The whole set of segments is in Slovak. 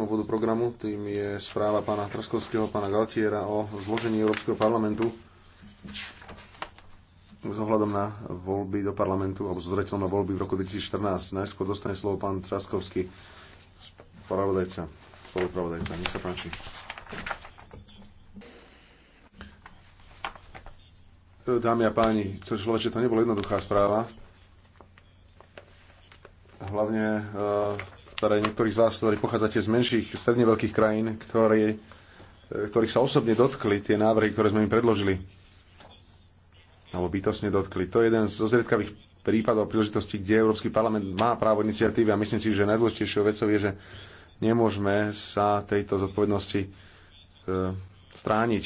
bodu programu, tým je správa pána Traskovského, pána Galtiera o zložení Európskeho parlamentu s ohľadom na voľby do parlamentu, alebo zretelom na voľby v roku 2014. Najskôr dostane slovo pán Traskovský, spravodajca, spolupravodajca. Nech sa páči. Dámy a páni, to človeče, to nebola jednoduchá správa. Hlavne eh, ktoré niektorí z vás, ktorí pochádzate z menších, stredne veľkých krajín, ktorí, e, ktorých sa osobne dotkli tie návrhy, ktoré sme im predložili, alebo bytosne dotkli. To je jeden zo zriedkavých prípadov príležitosti, kde Európsky parlament má právo iniciatívy a myslím si, že najdôležitejšou vecou je, že nemôžeme sa tejto zodpovednosti e, strániť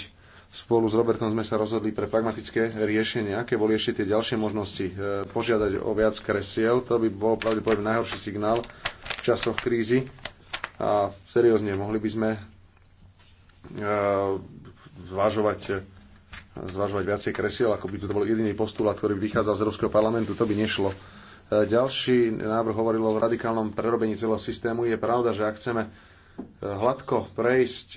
spolu s Robertom sme sa rozhodli pre pragmatické riešenie. Aké boli ešte tie ďalšie možnosti? E, požiadať o viac kresiel, to by bol pravdepodobne najhorší signál, časoch krízy a seriózne mohli by sme e, zvažovať e, zvažovať viacej kresiel, ako by to bol jediný postulát, ktorý by vychádzal z Európskeho parlamentu, to by nešlo. E, ďalší návrh hovoril o radikálnom prerobení celého systému. Je pravda, že ak chceme hladko prejsť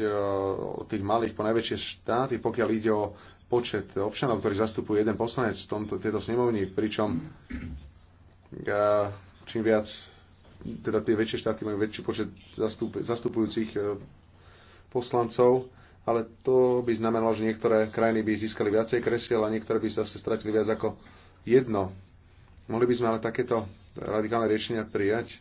od tých malých po najväčšie štáty, pokiaľ ide o počet občanov, ktorý zastupuje jeden poslanec v tomto, tejto snemovni, pričom čím viac teda tie väčšie štáty majú väčší počet zastup, zastupujúcich e, poslancov, ale to by znamenalo, že niektoré krajiny by získali viacej kresiel a niektoré by zase stratili viac ako jedno. Mohli by sme ale takéto radikálne riešenia prijať.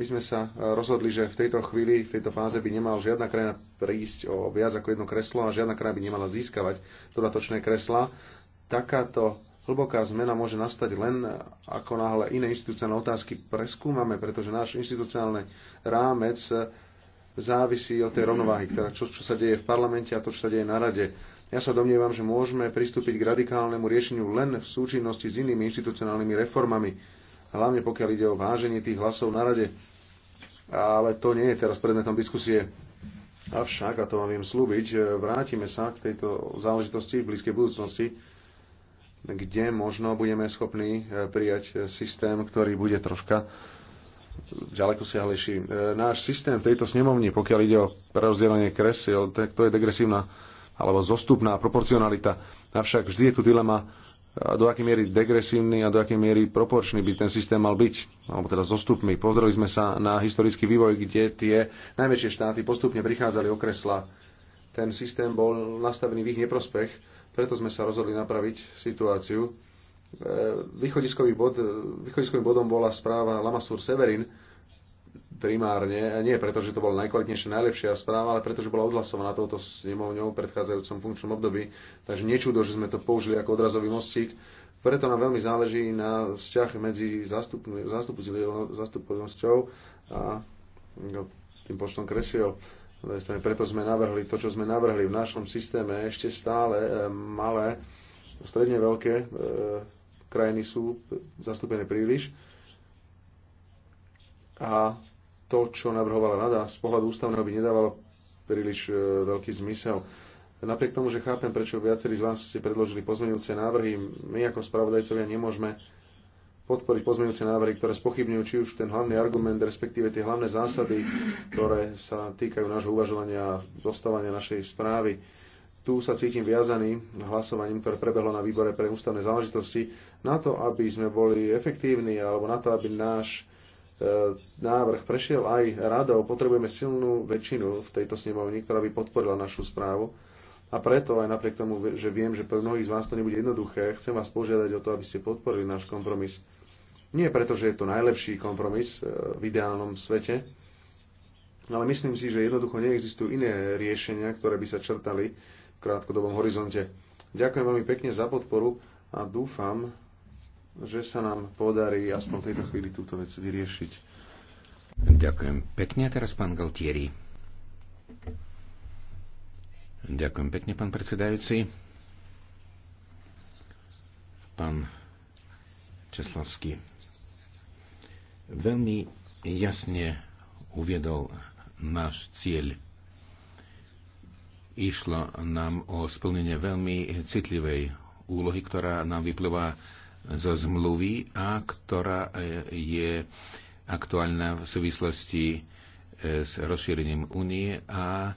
My sme sa e, rozhodli, že v tejto chvíli, v tejto fáze by nemala žiadna krajina prísť o viac ako jedno kreslo a žiadna krajina by nemala získavať dodatočné kresla. Takáto Hlboká zmena môže nastať len ako náhle iné institucionálne otázky preskúmame, pretože náš inštitucionálny rámec závisí od tej rovnováhy, ktorá, čo, čo sa deje v parlamente a to, čo sa deje na rade. Ja sa domnievam, že môžeme pristúpiť k radikálnemu riešeniu len v súčinnosti s inými inštitucionálnymi reformami, hlavne pokiaľ ide o váženie tých hlasov na rade. Ale to nie je teraz predmetom diskusie. Avšak, a to vám viem slúbiť, vrátime sa k tejto záležitosti v blízkej budúcnosti kde možno budeme schopní e, prijať e, systém, ktorý bude troška ďaleko siahlejší. E, náš systém v tejto snemovni, pokiaľ ide o prerozdelenie kresiel, tak to je degresívna alebo zostupná proporcionalita. Avšak vždy je tu dilema, do akej miery degresívny a do akej miery proporčný by ten systém mal byť, alebo teda zostupný. Pozreli sme sa na historický vývoj, kde tie najväčšie štáty postupne prichádzali o kresla. Ten systém bol nastavený v ich neprospech preto sme sa rozhodli napraviť situáciu. E, východiskový bod, východiskovým bodom bola správa Lamasur Severin, primárne, nie preto, že to bola najkvalitnejšia, najlepšia správa, ale preto, že bola odhlasovaná touto snemovňou v predchádzajúcom funkčnom období. Takže nečudo, že sme to použili ako odrazový mostík. Preto nám veľmi záleží na vzťah medzi zastupnosťou a no, tým počtom kresiel strane, preto sme navrhli to, čo sme navrhli v našom systéme. Ešte stále e, malé, stredne veľké e, krajiny sú zastúpené príliš. A to, čo navrhovala rada, z pohľadu ústavného by nedávalo príliš e, veľký zmysel. Napriek tomu, že chápem, prečo viacerí z vás ste predložili pozmeňujúce návrhy, my ako spravodajcovia nemôžeme podporiť pozmeňujúce návrhy, ktoré spochybňujú či už ten hlavný argument, respektíve tie hlavné zásady, ktoré sa týkajú nášho uvažovania a zostávania našej správy. Tu sa cítim viazaný hlasovaním, ktoré prebehlo na výbore pre ústavné záležitosti, na to, aby sme boli efektívni alebo na to, aby náš e, návrh prešiel aj radou, potrebujeme silnú väčšinu v tejto snemovni, ktorá by podporila našu správu. A preto aj napriek tomu, že viem, že pre mnohých z vás to nebude jednoduché, chcem vás požiadať o to, aby ste podporili náš kompromis. Nie preto, že je to najlepší kompromis e, v ideálnom svete, ale myslím si, že jednoducho neexistujú iné riešenia, ktoré by sa črtali v krátkodobom horizonte. Ďakujem veľmi pekne za podporu a dúfam, že sa nám podarí aspoň v tejto chvíli túto vec vyriešiť. Ďakujem pekne. Teraz pán Galtieri. Ďakujem pekne, pán predsedajúci. Pán Česlavský veľmi jasne uviedol náš cieľ. Išlo nám o splnenie veľmi citlivej úlohy, ktorá nám vyplýva zo zmluvy a ktorá eh, je aktuálna v súvislosti eh, s rozšírením únie a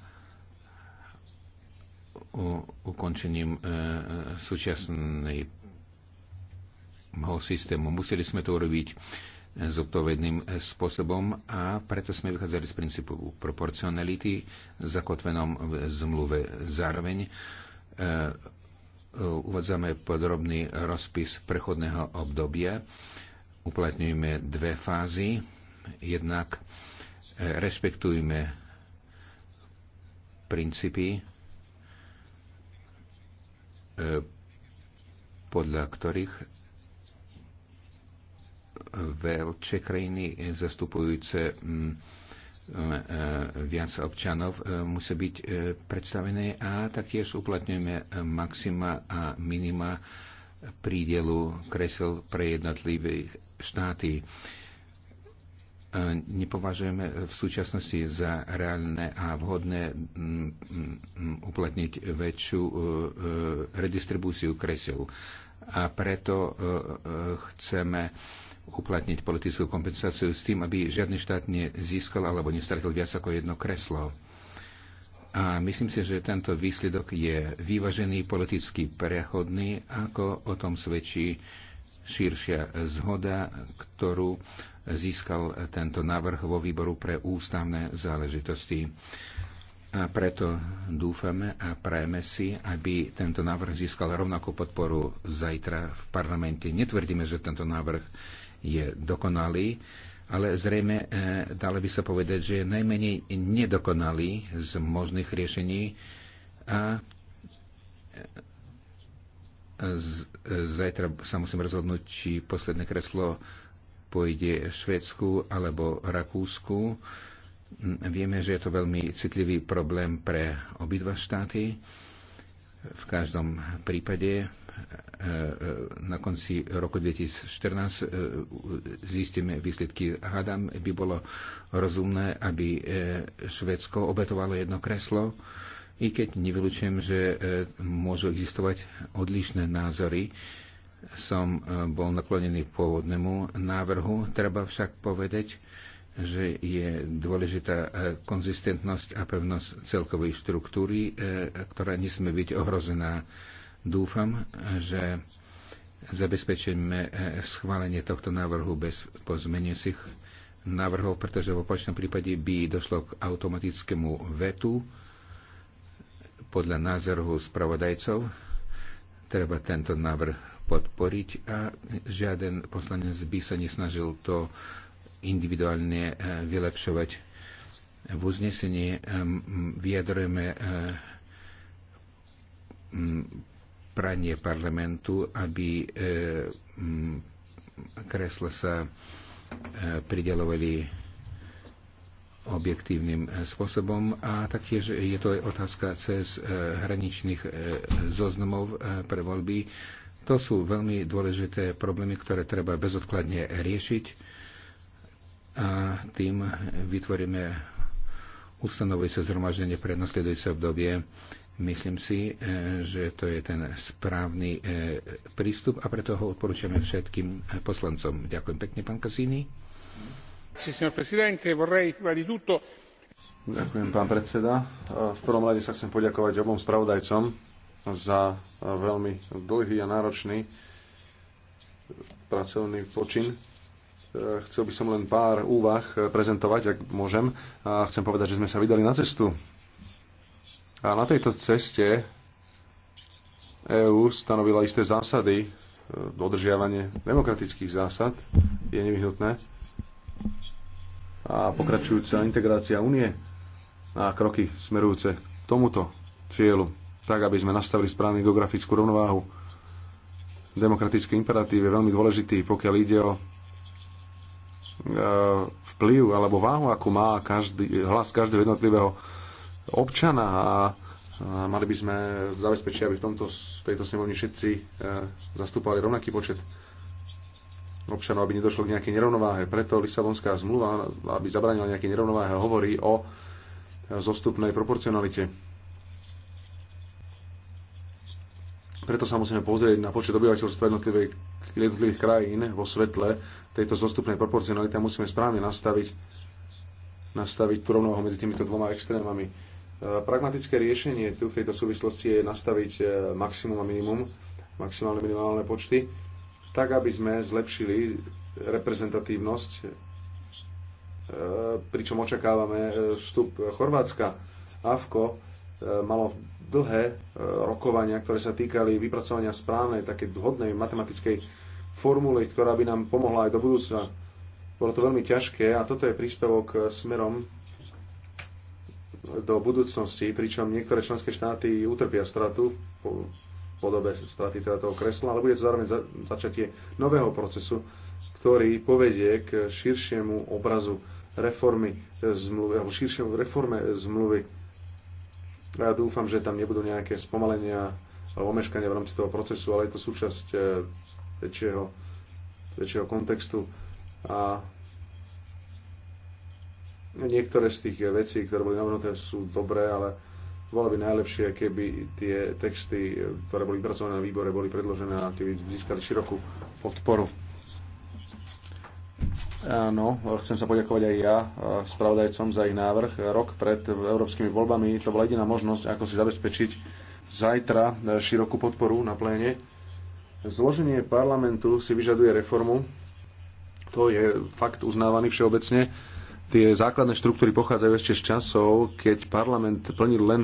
ukončením eh, súčasnej systému. Museli sme to urobiť zodpovedným eh, spôsobom a preto sme vychádzali z princípu proporcionality zakotvenom v zmluve. Zároveň eh, uvádzame podrobný rozpis prechodného obdobia. Uplatňujeme dve fázy. Jednak eh, rešpektujme princípy, podľa ktorých veľké krajiny zastupujúce mm, e, e, viac občanov e, musí byť predstavené a taktiež uplatňujeme maxima a minima prídelu kresel pre jednotlivé štáty. Nepovažujeme v súčasnosti za reálne a vhodné mm, mm, uplatniť väčšiu redistribúciu kresel a preto chceme uplatniť politickú kompensáciu s tým, aby žiadny štát nezískal alebo nestratil viac ako jedno kreslo. A myslím si, že tento výsledok je vyvažený, politicky prechodný, ako o tom svedčí širšia zhoda, ktorú získal tento návrh vo výboru pre ústavné záležitosti. A preto dúfame a prajeme si, aby tento návrh získal rovnakú podporu zajtra v parlamente. Netvrdíme, že tento návrh je dokonalý, ale zrejme e, dalo by sa povedať, že je najmenej nedokonalý z možných riešení a e, z, e, zajtra sa musím rozhodnúť, či posledné kreslo pôjde Švedsku alebo Rakúsku. Hm, vieme, že je to veľmi citlivý problém pre obidva štáty. V každom prípade e, e, na konci roku 2014 e, zistíme výsledky. Hádam, by bolo rozumné, aby Švedsko obetovalo jedno kreslo, i keď nevylučujem, že môžu existovať odlišné názory. Som bol naklonený pôvodnému návrhu. Treba však povedať, že je dôležitá e, konzistentnosť a pevnosť celkovej štruktúry, e, ktorá nesme byť ohrozená. Dúfam, že zabezpečíme e, schválenie tohto návrhu bez pozmeniacich návrhov, pretože v opačnom prípade by došlo k automatickému vetu podľa názoru spravodajcov. Treba tento návrh podporiť a žiaden poslanec by sa nesnažil to individuálne eh, vylepšovať. V uznesení eh, vyjadrujeme eh, pranie parlamentu, aby kresla sa pridelovali objektívnym spôsobom a taktiež je to otázka cez hraničných zoznamov pre voľby. To sú veľmi dôležité problémy, ktoré treba bezodkladne riešiť a tým vytvoríme ustanovujúce zhromaždenie pre nasledujúce obdobie. Myslím si, e, že to je ten správny e, prístup a preto ho odporúčame všetkým e, poslancom. Ďakujem pekne, pán Kasíny. Ďakujem, pán predseda. V prvom rade sa chcem poďakovať obom spravodajcom za veľmi dlhý a náročný pracovný počin Eh, chcel by som len pár úvah eh, prezentovať, ak môžem. A chcem povedať, že sme sa vydali na cestu. A na tejto ceste EÚ stanovila isté zásady, eh, dodržiavanie demokratických zásad je nevyhnutné a pokračujúca integrácia únie a kroky smerujúce k tomuto cieľu, tak aby sme nastavili správnu geografickú rovnováhu. Demokratický imperatív je veľmi dôležitý, pokiaľ ide o E, vplyv alebo váhu, ako má každý, hlas každého jednotlivého občana a mali by sme zabezpečiť, aby v tomto, tejto snemovni všetci e, zastupovali rovnaký počet občanov, aby nedošlo k nejakej nerovnováhe. Preto Lisabonská zmluva, aby zabránila nejaké nerovnováhe, hovorí o zostupnej proporcionalite. Preto sa musíme pozrieť na počet obyvateľstva jednotlivej jednotlivých krajín vo svetle tejto zostupnej proporcionality a musíme správne nastaviť, nastaviť tú rovnováhu medzi týmito dvoma extrémami. E, pragmatické riešenie tu v tejto súvislosti je nastaviť e, maximum a minimum, maximálne minimálne počty, tak aby sme zlepšili reprezentatívnosť, e, pričom očakávame vstup Chorvátska. AFKO malo dlhé rokovania, ktoré sa týkali vypracovania správnej, také vhodnej matematickej formule, ktorá by nám pomohla aj do budúcna. Bolo to veľmi ťažké a toto je príspevok e, smerom do budúcnosti, pričom niektoré členské štáty utrpia stratu po podobe straty teda toho kresla, ale bude to zároveň začatie nového procesu, ktorý povedie k širšiemu obrazu reformy zmluvy, alebo širšiemu reforme zmluvy. Ja dúfam, že tam nebudú nejaké spomalenia alebo omeškania v rámci toho procesu, ale je to súčasť e, väčšieho, väčšieho kontextu. A niektoré z tých vecí, ktoré boli navrhnuté, sú dobré, ale bolo by najlepšie, keby tie texty, ktoré boli pracované na výbore, boli predložené a keby získali širokú podporu. Áno, chcem sa poďakovať aj ja spravodajcom za ich návrh. Rok pred európskymi voľbami to bola jediná možnosť, ako si zabezpečiť zajtra širokú podporu na pléne Zloženie parlamentu si vyžaduje reformu. To je fakt uznávaný všeobecne. Tie základné štruktúry pochádzajú ešte z časov, keď parlament plnil len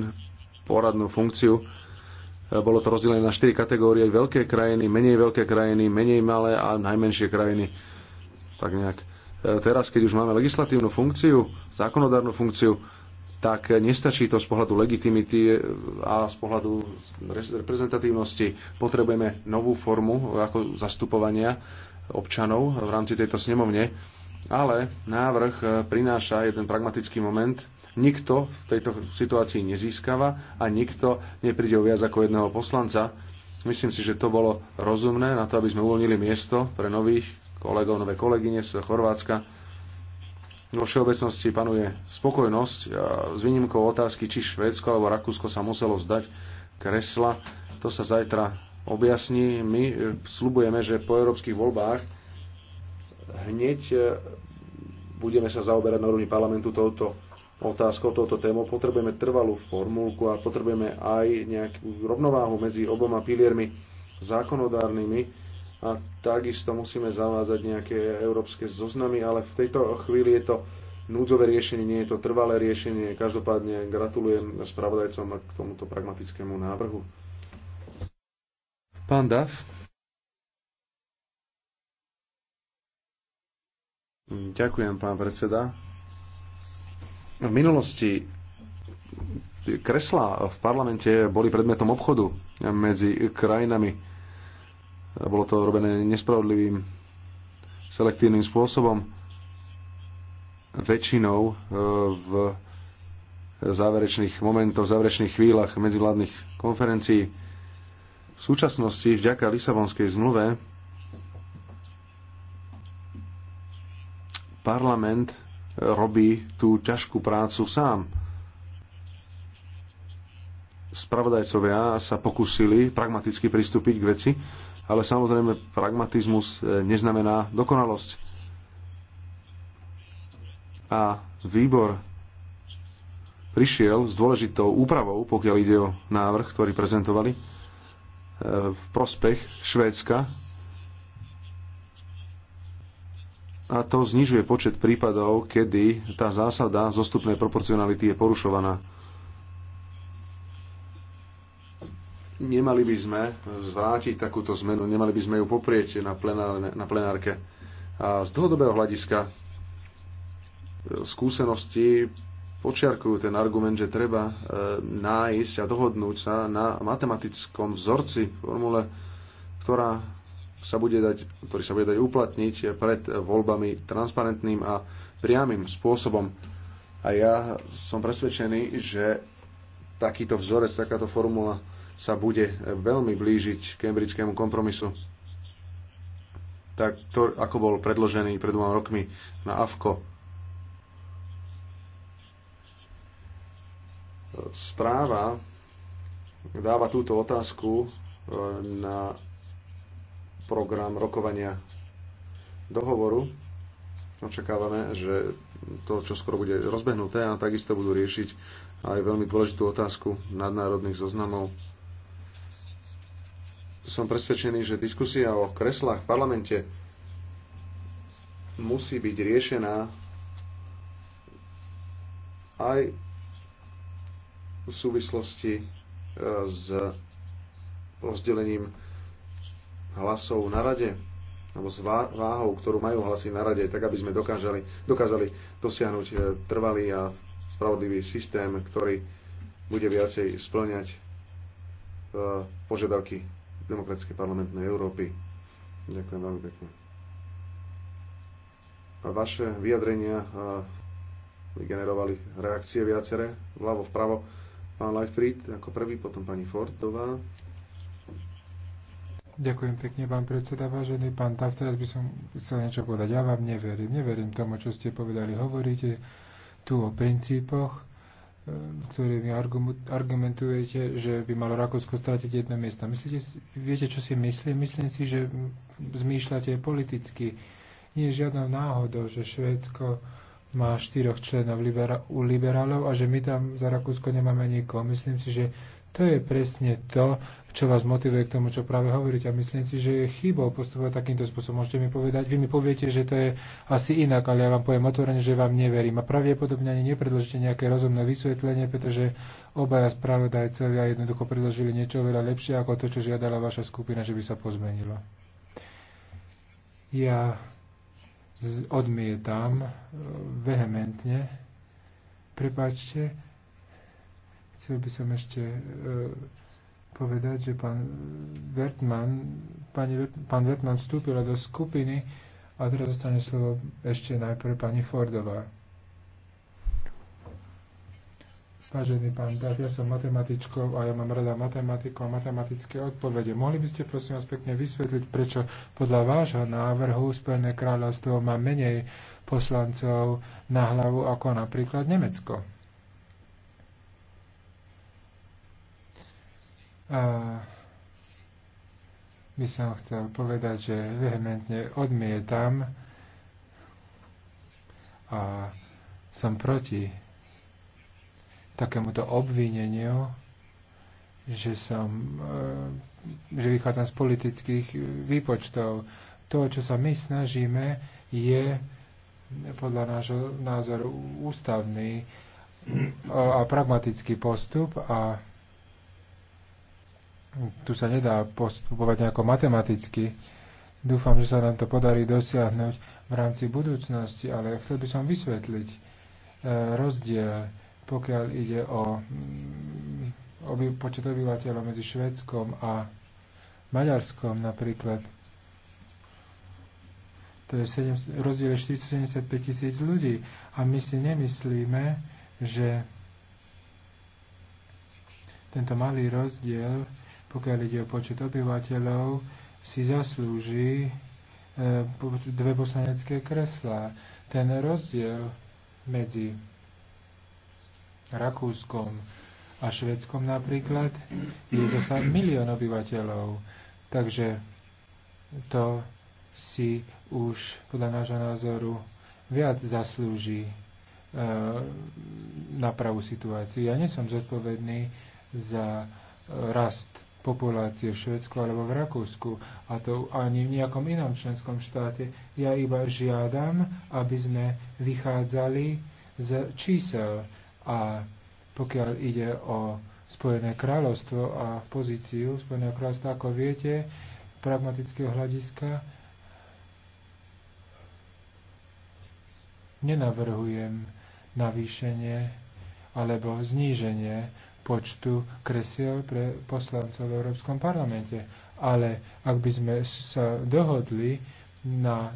poradnú funkciu. E, Bolo to rozdelené na štyri kategórie. Veľké krajiny, menej veľké krajiny, menej malé a najmenšie krajiny. Tak nejak. E, Teraz, keď už máme legislatívnu funkciu, zákonodárnu funkciu, tak nestačí to z pohľadu legitimity a z pohľadu reprezentatívnosti. Potrebujeme novú formu e, ako zastupovania občanov v rámci tejto snemovne, ale návrh e, prináša jeden pragmatický moment. Nikto v tejto situácii nezískava a nikto nepríde o viac ako jedného poslanca. Myslím si, že to bolo rozumné na to, aby sme uvoľnili miesto pre nových kolegov, nové kolegyne z Chorvátska vo všeobecnosti panuje spokojnosť s výnimkou otázky, či Švédsko alebo Rakúsko sa muselo vzdať kresla. To sa zajtra objasní. My e, slubujeme, že po európskych voľbách hneď e, budeme sa zaoberať na úrovni parlamentu touto otázkou, touto témou. Potrebujeme trvalú formulku a potrebujeme aj nejakú rovnováhu medzi oboma piliermi zákonodárnymi a takisto musíme zavázať nejaké európske zoznamy, ale v tejto chvíli je to núdzové riešenie, nie je to trvalé riešenie. Každopádne gratulujem spravodajcom k tomuto pragmatickému návrhu. Pán Dav. Ďakujem, pán predseda. V minulosti kreslá v parlamente boli predmetom obchodu medzi krajinami bolo to robené nespravodlivým, selektívnym spôsobom. Väčšinou e, v záverečných momentoch, v záverečných chvíľach medzivládnych konferencií. V súčasnosti vďaka Lisabonskej zmluve parlament e, robí tú ťažkú prácu sám. Spravodajcovia sa pokusili pragmaticky pristúpiť k veci ale samozrejme pragmatizmus e, neznamená dokonalosť. A výbor prišiel s dôležitou úpravou, pokiaľ ide o návrh, ktorý prezentovali, e, v prospech Švédska. A to znižuje počet prípadov, kedy tá zásada zostupnej proporcionality je porušovaná. Nemali by sme zvrátiť takúto zmenu, nemali by sme ju poprieť na, plenárne, na plenárke. A z dlhodobého hľadiska e, skúsenosti počiarkujú ten argument, že treba e, nájsť a dohodnúť sa na matematickom vzorci, formule, ktorá sa bude dať, ktorý sa bude dať uplatniť pred voľbami transparentným a priamým spôsobom. A ja som presvedčený, že takýto vzorec, takáto formula sa bude veľmi blížiť kembrickému kompromisu, tak to, ako bol predložený pred dvoma rokmi na AFKO. Správa dáva túto otázku e, na program rokovania dohovoru. Očakávame, že to, čo skoro bude rozbehnuté, a takisto budú riešiť aj veľmi dôležitú otázku nadnárodných zoznamov som presvedčený, že diskusia o kreslách v parlamente musí byť riešená aj v súvislosti e, s rozdelením hlasov na rade, alebo s váhou, ktorú majú hlasy na rade, tak aby sme dokážali, dokázali dosiahnuť e, trvalý a spravodlivý systém, ktorý bude viacej splňať e, požiadavky demokratickej parlamentnej Európy. Ďakujem veľmi pekne. A vaše vyjadrenia vygenerovali reakcie viacere, vľavo, vpravo. Pán Leifried ako prvý, potom pani Fordová. Ďakujem pekne, pán predseda. Vážený pán Tav, teraz by som chcel niečo povedať. Ja vám neverím. Neverím tomu, čo ste povedali. Hovoríte tu o princípoch, E, ktorými argumentujete, že by malo Rakúsko stratiť jedno miesto. Myslíte, viete, čo si myslím? Myslím si, že zmýšľate politicky. Nie je žiadnou náhodou, že Švédsko má štyroch členov libera- u liberálov a že my tam za Rakúsko nemáme nikoho. Myslím si, že to je presne to, čo vás motivuje k tomu, čo práve hovoríte. A myslím si, že je chybou postupovať takýmto spôsobom. Môžete mi povedať, vy mi poviete, že to je asi inak, ale ja vám poviem otvorene, že vám neverím. A pravdepodobne ani nepredložíte nejaké rozumné vysvetlenie, pretože obaja spravodajcovia jednoducho predložili niečo veľa lepšie ako to, čo žiadala vaša skupina, že by sa pozmenilo. Ja odmietam eh, vehementne, prepáčte, Chcel by som ešte e, povedať, že pán Vertman, pani, pán Vertman vstúpila do skupiny a teraz zostane slovo ešte najprv pani Fordová. Vážený pán Dav, ja som matematičkou a ja mám rada matematiku a matematické odpovede. Mohli by ste prosím vás pekne vysvetliť, prečo podľa vášho návrhu Spojené kráľovstvo má menej poslancov na hlavu ako napríklad Nemecko? A by som chcel povedať, že vehementne odmietam a som proti takémuto obvineniu, že, som, e, že vychádzam z politických výpočtov. To, čo sa my snažíme, je podľa nášho názoru ústavný a pragmatický postup a tu sa nedá postupovať nejako matematicky. Dúfam, že sa nám to podarí dosiahnuť v rámci budúcnosti, ale chcel by som vysvetliť e, rozdiel, pokiaľ ide o mm, počet obyvateľov medzi Švedskom a Maďarskom napríklad. To je 7, rozdiel 475 tisíc ľudí a my si nemyslíme, že tento malý rozdiel pokiaľ ide o počet obyvateľov, si zaslúži e, dve poslanecké kreslá. Ten rozdiel medzi Rakúskom a Švedskom napríklad je zasa milión obyvateľov. Takže to si už podľa nášho názoru viac zaslúži e, napravu situácií. Ja nie som zodpovedný za e, rast populácie v Švedsku alebo v Rakúsku a to ani v nejakom inom členskom štáte. Ja iba žiadam, aby sme vychádzali z čísel a pokiaľ ide o Spojené kráľovstvo a pozíciu Spojeného kráľovstva, ako viete, pragmatického hľadiska nenavrhujem navýšenie alebo zníženie počtu kresiel pre poslancov v Európskom parlamente. Ale ak by sme sa dohodli na,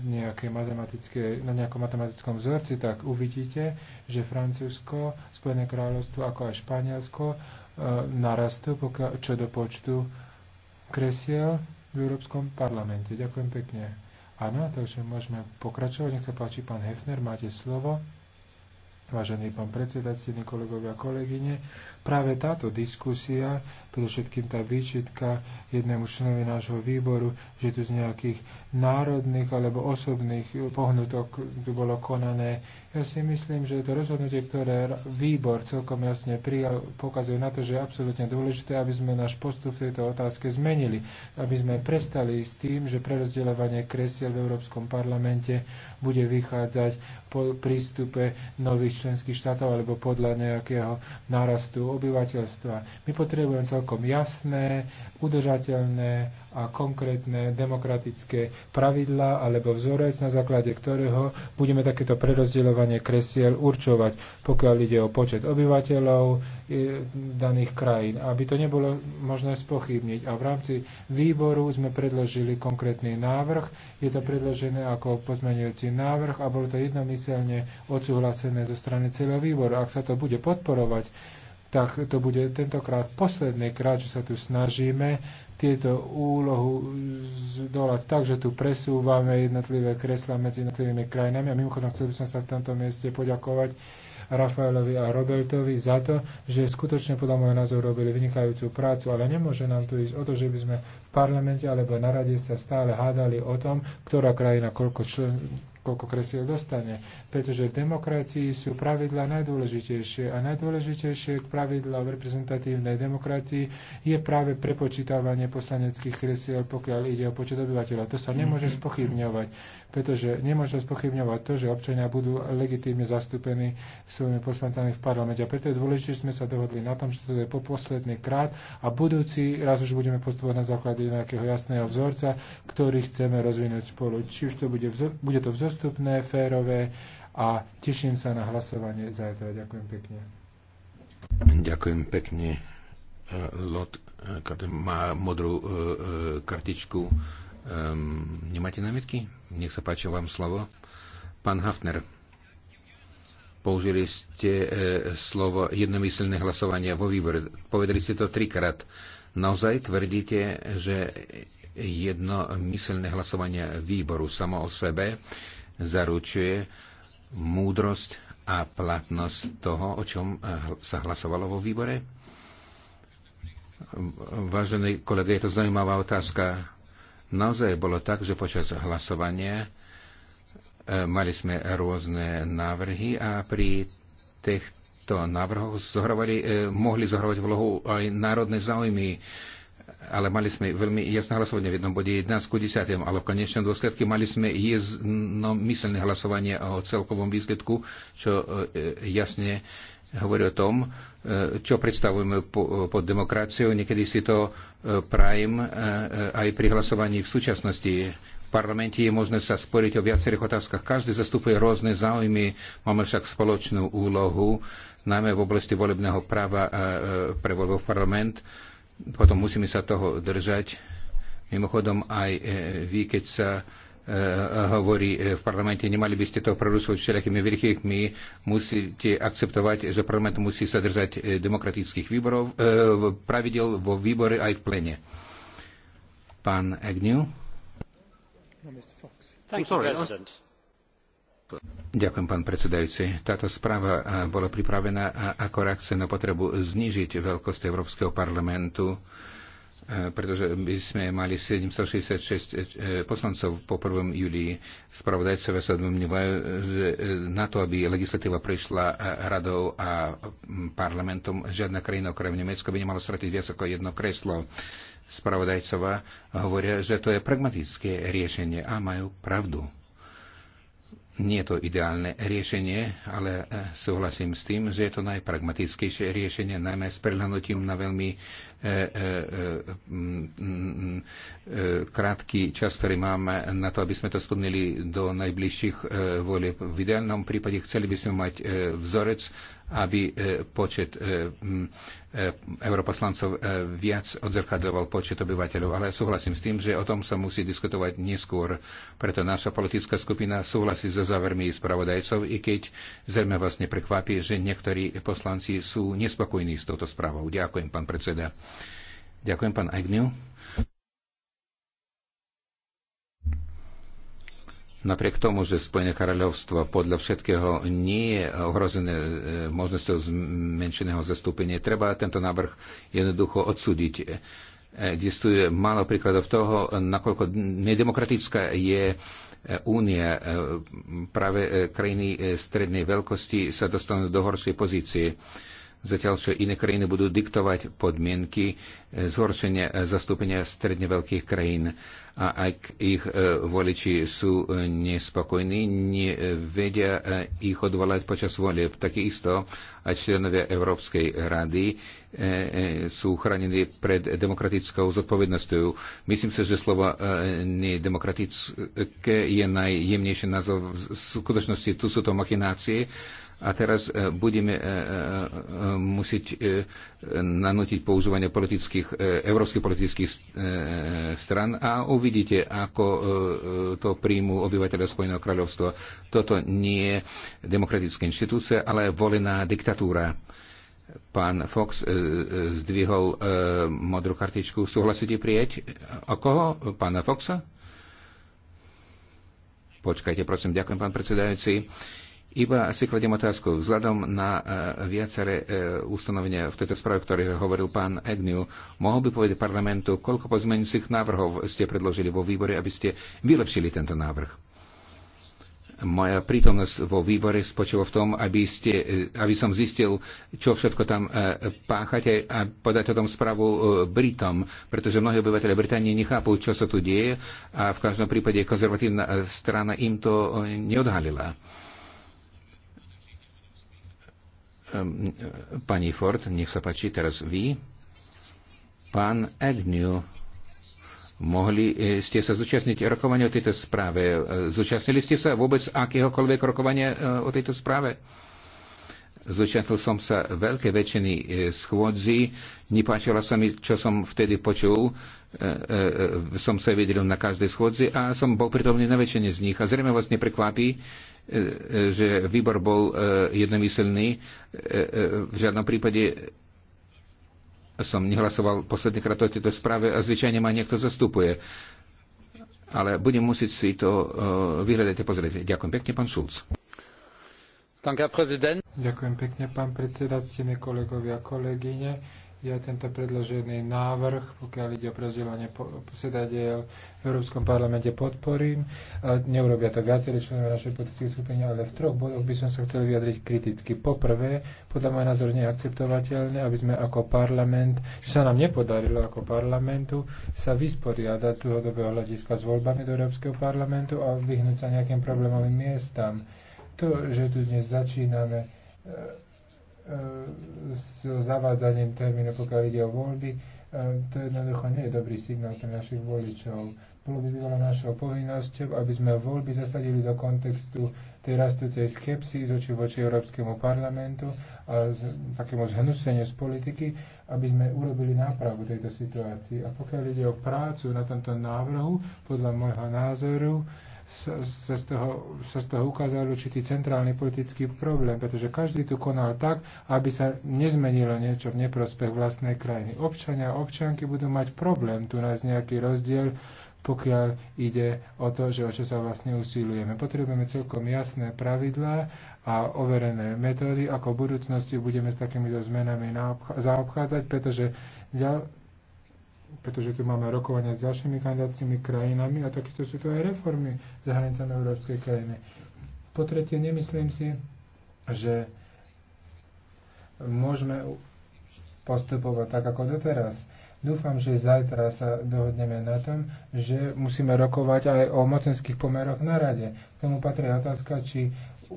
matematické, na nejakom matematickom vzorci, tak uvidíte, že Francúzsko, Spojené kráľovstvo, ako aj Španielsko e, narastú čo do počtu kresiel v Európskom parlamente. Ďakujem pekne. Áno, takže môžeme pokračovať. Nech sa páči, pán Hefner, máte slovo. Vážený pán predseda, kolegovia a kolegyne, práve táto diskusia, predovšetkým tá výčitka jednému členovi nášho výboru, že tu z nejakých národných alebo osobných pohnutok tu bolo konané. Ja si myslím, že to rozhodnutie, ktoré výbor celkom jasne prijal, pokazuje na to, že je absolútne dôležité, aby sme náš postup v tejto otázke zmenili. Aby sme prestali s tým, že prerozdeľovanie kresiel v Európskom parlamente bude vychádzať po prístupe nových členských štátov alebo podľa nejakého nárastu obyvateľstva. My potrebujeme celkom jasné, udržateľné a konkrétne demokratické pravidlá alebo vzorec, na základe ktorého budeme takéto prerozdeľovanie kresiel určovať, pokiaľ ide o počet obyvateľov e, daných krajín, aby to nebolo možné spochybniť. A v rámci výboru sme predložili konkrétny návrh. Je to predložené ako pozmeňujúci návrh a bolo to jednomyselne odsúhlasené zo strany celého výboru. Ak sa to bude podporovať, tak to bude tentokrát posledný krát, že sa tu snažíme tieto úlohu zdolať tak, že tu presúvame jednotlivé kresla medzi jednotlivými krajinami. A mimochodom chcel by som sa v tomto mieste poďakovať Rafaelovi a Robertovi za to, že skutočne podľa môjho názoru robili vynikajúcu prácu, ale nemôže nám tu ísť o to, že by sme v parlamente alebo na rade sa stále hádali o tom, ktorá krajina koľko člen, koľko kresiel dostane. Pretože v demokracii sú pravidlá najdôležitejšie a najdôležitejšie pravidla v reprezentatívnej demokracii je práve prepočítavanie poslaneckých kresiel, pokiaľ ide o počet obyvateľov. To sa nemôže spochybňovať, pretože nemôže spochybňovať to, že občania budú legitímne zastúpení svojimi poslancami v parlamente. A preto je dôležité, že sme sa dohodli na tom, že to je po posledný krát a budúci raz už budeme postupovať na základe nejakého jasného vzorca, ktorý chceme rozvinúť spolu. Či už to bude, vzor, bude to vzor, dostupné, férové a teším sa na hlasovanie zajtra. Ďakujem pekne. Ďakujem pekne. Eh, Lot eh, má modrú eh, kartičku. Ehm, nemáte námietky? Nech sa páči vám slovo. Pán Hafner, použili ste slovo jednomyselné hlasovanie vo výbore. Povedali ste to trikrát. Naozaj tvrdíte, že jednomyselné hlasovanie výboru samo o sebe zaručuje múdrosť a platnosť toho, o čom eh, sa hlasovalo vo výbore? Vážený kolega, je to zaujímavá otázka. Naozaj bolo tak, že počas hlasovania eh, mali sme rôzne návrhy a pri týchto návrhoch zohrovali, eh, mohli zohrovať vlohu aj národné záujmy ale mali sme veľmi jasné hlasovanie v jednom bode 11 k 10, ale v konečnom dôsledku mali sme jednomyselné hlasovanie o celkovom výsledku, čo e, jasne hovorí o tom, e, čo predstavujeme pod demokraciou. Niekedy si to e, prajem aj pri hlasovaní v súčasnosti. V parlamente je možné sa sporiť o viacerých otázkach. Každý zastupuje rôzne záujmy, máme však spoločnú úlohu, najmä v oblasti volebného práva pre voľbu v parlament potom musíme sa toho držať. Mimochodom, aj e, vy, keď sa e, hovorí e, v parlamente, nemali by ste to prerúsovať všelijakými vrchykmi, musíte akceptovať, že parlament musí sa držať demokratických výborov, pravidel vo výbore aj v plene. Pán Agnew. No, Thank you, President. Ďakujem, pán predsedajúci. Táto správa bola pripravená ako reakcia na potrebu znížiť veľkosť Európskeho parlamentu, pretože by sme mali 766 e, poslancov po 1. júli. Spravodajcovia sa domnívajú, že e, na to, aby legislatíva prešla e, radou a parlamentom, žiadna krajina okrem Nemecka by nemala stratiť viac ako jedno kreslo. Spravodajcova hovoria, že to je pragmatické riešenie a majú pravdu. Nie je to ideálne riešenie, ale eh, súhlasím s tým, že je to najpragmatickejšie riešenie, najmä s prehľadnutím na veľmi E, e, e, krátky čas, ktorý máme na to, aby sme to splnili do najbližších volieb. V ideálnom prípade chceli by sme mať vzorec, aby počet europoslancov viac odzrkadoval počet obyvateľov. Ale súhlasím s tým, že o tom sa musí diskutovať neskôr. Preto naša politická skupina súhlasí so závermi spravodajcov, i keď zrejme vás neprekvapí, že niektorí poslanci sú nespokojní s touto správou. Ďakujem, pán predseda. Ďakujem, pán Agnew. Napriek tomu, že Spojené kráľovstvo podľa všetkého nie je ohrozené e, možnosťou zmenšeného zastúpenia, treba tento návrh jednoducho odsúdiť. E, existuje málo príkladov toho, nakoľko nedemokratická je e, únia. Práve krajiny strednej veľkosti sa dostanú do horšej pozície. Zatiaľ, čo iné krajiny budú diktovať podmienky e, zhoršenia e, zastúpenia stredne veľkých krajín. A ak ich e, voliči sú nespokojní, nevedia ich odvolať počas volieb. Takisto aj členovia Európskej rady sú chránení pred demokratickou zodpovednosťou. Myslím sa, že slovo nedemokratické je najjemnejšie názov. V skutočnosti tu sú to machinácie, a teraz e, budeme e, e, musieť nanútiť používanie politických, európskych politických stran a uvidíte, ako to príjmu obyvateľa Spojeného kráľovstva. Toto nie je demokratická inštitúcia, ale volená diktatúra. Pán Fox zdvihol modrú kartičku. Súhlasíte prieť? O koho? Pána Foxa? Počkajte, prosím. Ďakujem, pán predsedajúci. Iba si kladiem otázku, vzhľadom na e, viaceré e, ustanovenia v tejto správe, ktoré hovoril pán Egniu, mohol by povedať parlamentu, koľko pozmeňujúcich návrhov ste predložili vo výbore, aby ste vylepšili tento návrh? Moja prítomnosť vo výbore spočíva v tom, aby, ste, e, aby som zistil, čo všetko tam páchate a podať o tom správu Britom, pretože mnohí obyvateľe Británie nechápu, čo sa tu deje a v každom prípade konzervatívna strana im to neodhalila. Ehm, pani Ford, nech sa páči, teraz vy. Pán Agnew, mohli eh, ste sa zúčastniť rokovania o tejto správe? Eh, zúčastnili ste sa vôbec akéhokoľvek rokovania eh, o tejto správe? Zúčastnil som sa veľké väčšiny schôdzi. Nepáčilo sa mi, čo som vtedy počul. Som sa videl na každej schôdzi a som bol pritomný na väčšine z nich. A zrejme vás neprekvapí, E, e, že výbor bol e, jednomyselný. V žiadnom prípade som nehlasoval poslednýkrát o tejto správe a zvyčajne ma niekto zastupuje. Ale budem musieť si to vyhľadať a pozrieť. Ďakujem pekne, pán Šulc. Ďakujem pekne, pán predseda, ctené kolegovia a kolegyne ja tento predložený návrh, pokiaľ ide o prezdielanie sedadiel v Európskom parlamente, podporím. Neurobia to viacerí členov našej politickej skupiny, ale v troch bodoch by som sa chcel vyjadriť kriticky. Poprvé, podľa môjho názoru akceptovateľné, aby sme ako parlament, že sa nám nepodarilo ako parlamentu sa vysporiadať z dlhodobého hľadiska s voľbami do Európskeho parlamentu a vyhnúť sa nejakým problémovým miestam. To, že tu dnes začíname e, so zavádzaním termínu, pokiaľ ide o voľby, e, to jednoducho nie je dobrý signál pre našich voličov. Bolo by bývalo našou povinnosťou, aby sme voľby zasadili do kontextu tej rastúcej skepsy zoči voči Európskemu parlamentu a z, takému zhnuseniu z politiky, aby sme urobili nápravu tejto situácii. A pokiaľ ide o prácu na tomto návrhu, podľa môjho názoru, sa, sa, z toho, sa z toho ukázal určitý centrálny politický problém, pretože každý tu konal tak, aby sa nezmenilo niečo v neprospech vlastnej krajiny. Občania a občanky budú mať problém tu nájsť nejaký rozdiel, pokiaľ ide o to, že o čo sa vlastne usilujeme. Potrebujeme celkom jasné pravidlá a overené metódy, ako v budúcnosti budeme s takýmito zmenami zaobchádzať, pretože pretože tu máme rokovania s ďalšími kandidátskymi krajinami a takisto sú tu aj reformy za hranicami európskej krajiny. Po tretie, nemyslím si, že môžeme postupovať tak ako doteraz. Dúfam, že zajtra sa dohodneme na tom, že musíme rokovať aj o mocenských pomeroch na rade. K tomu patrí otázka, či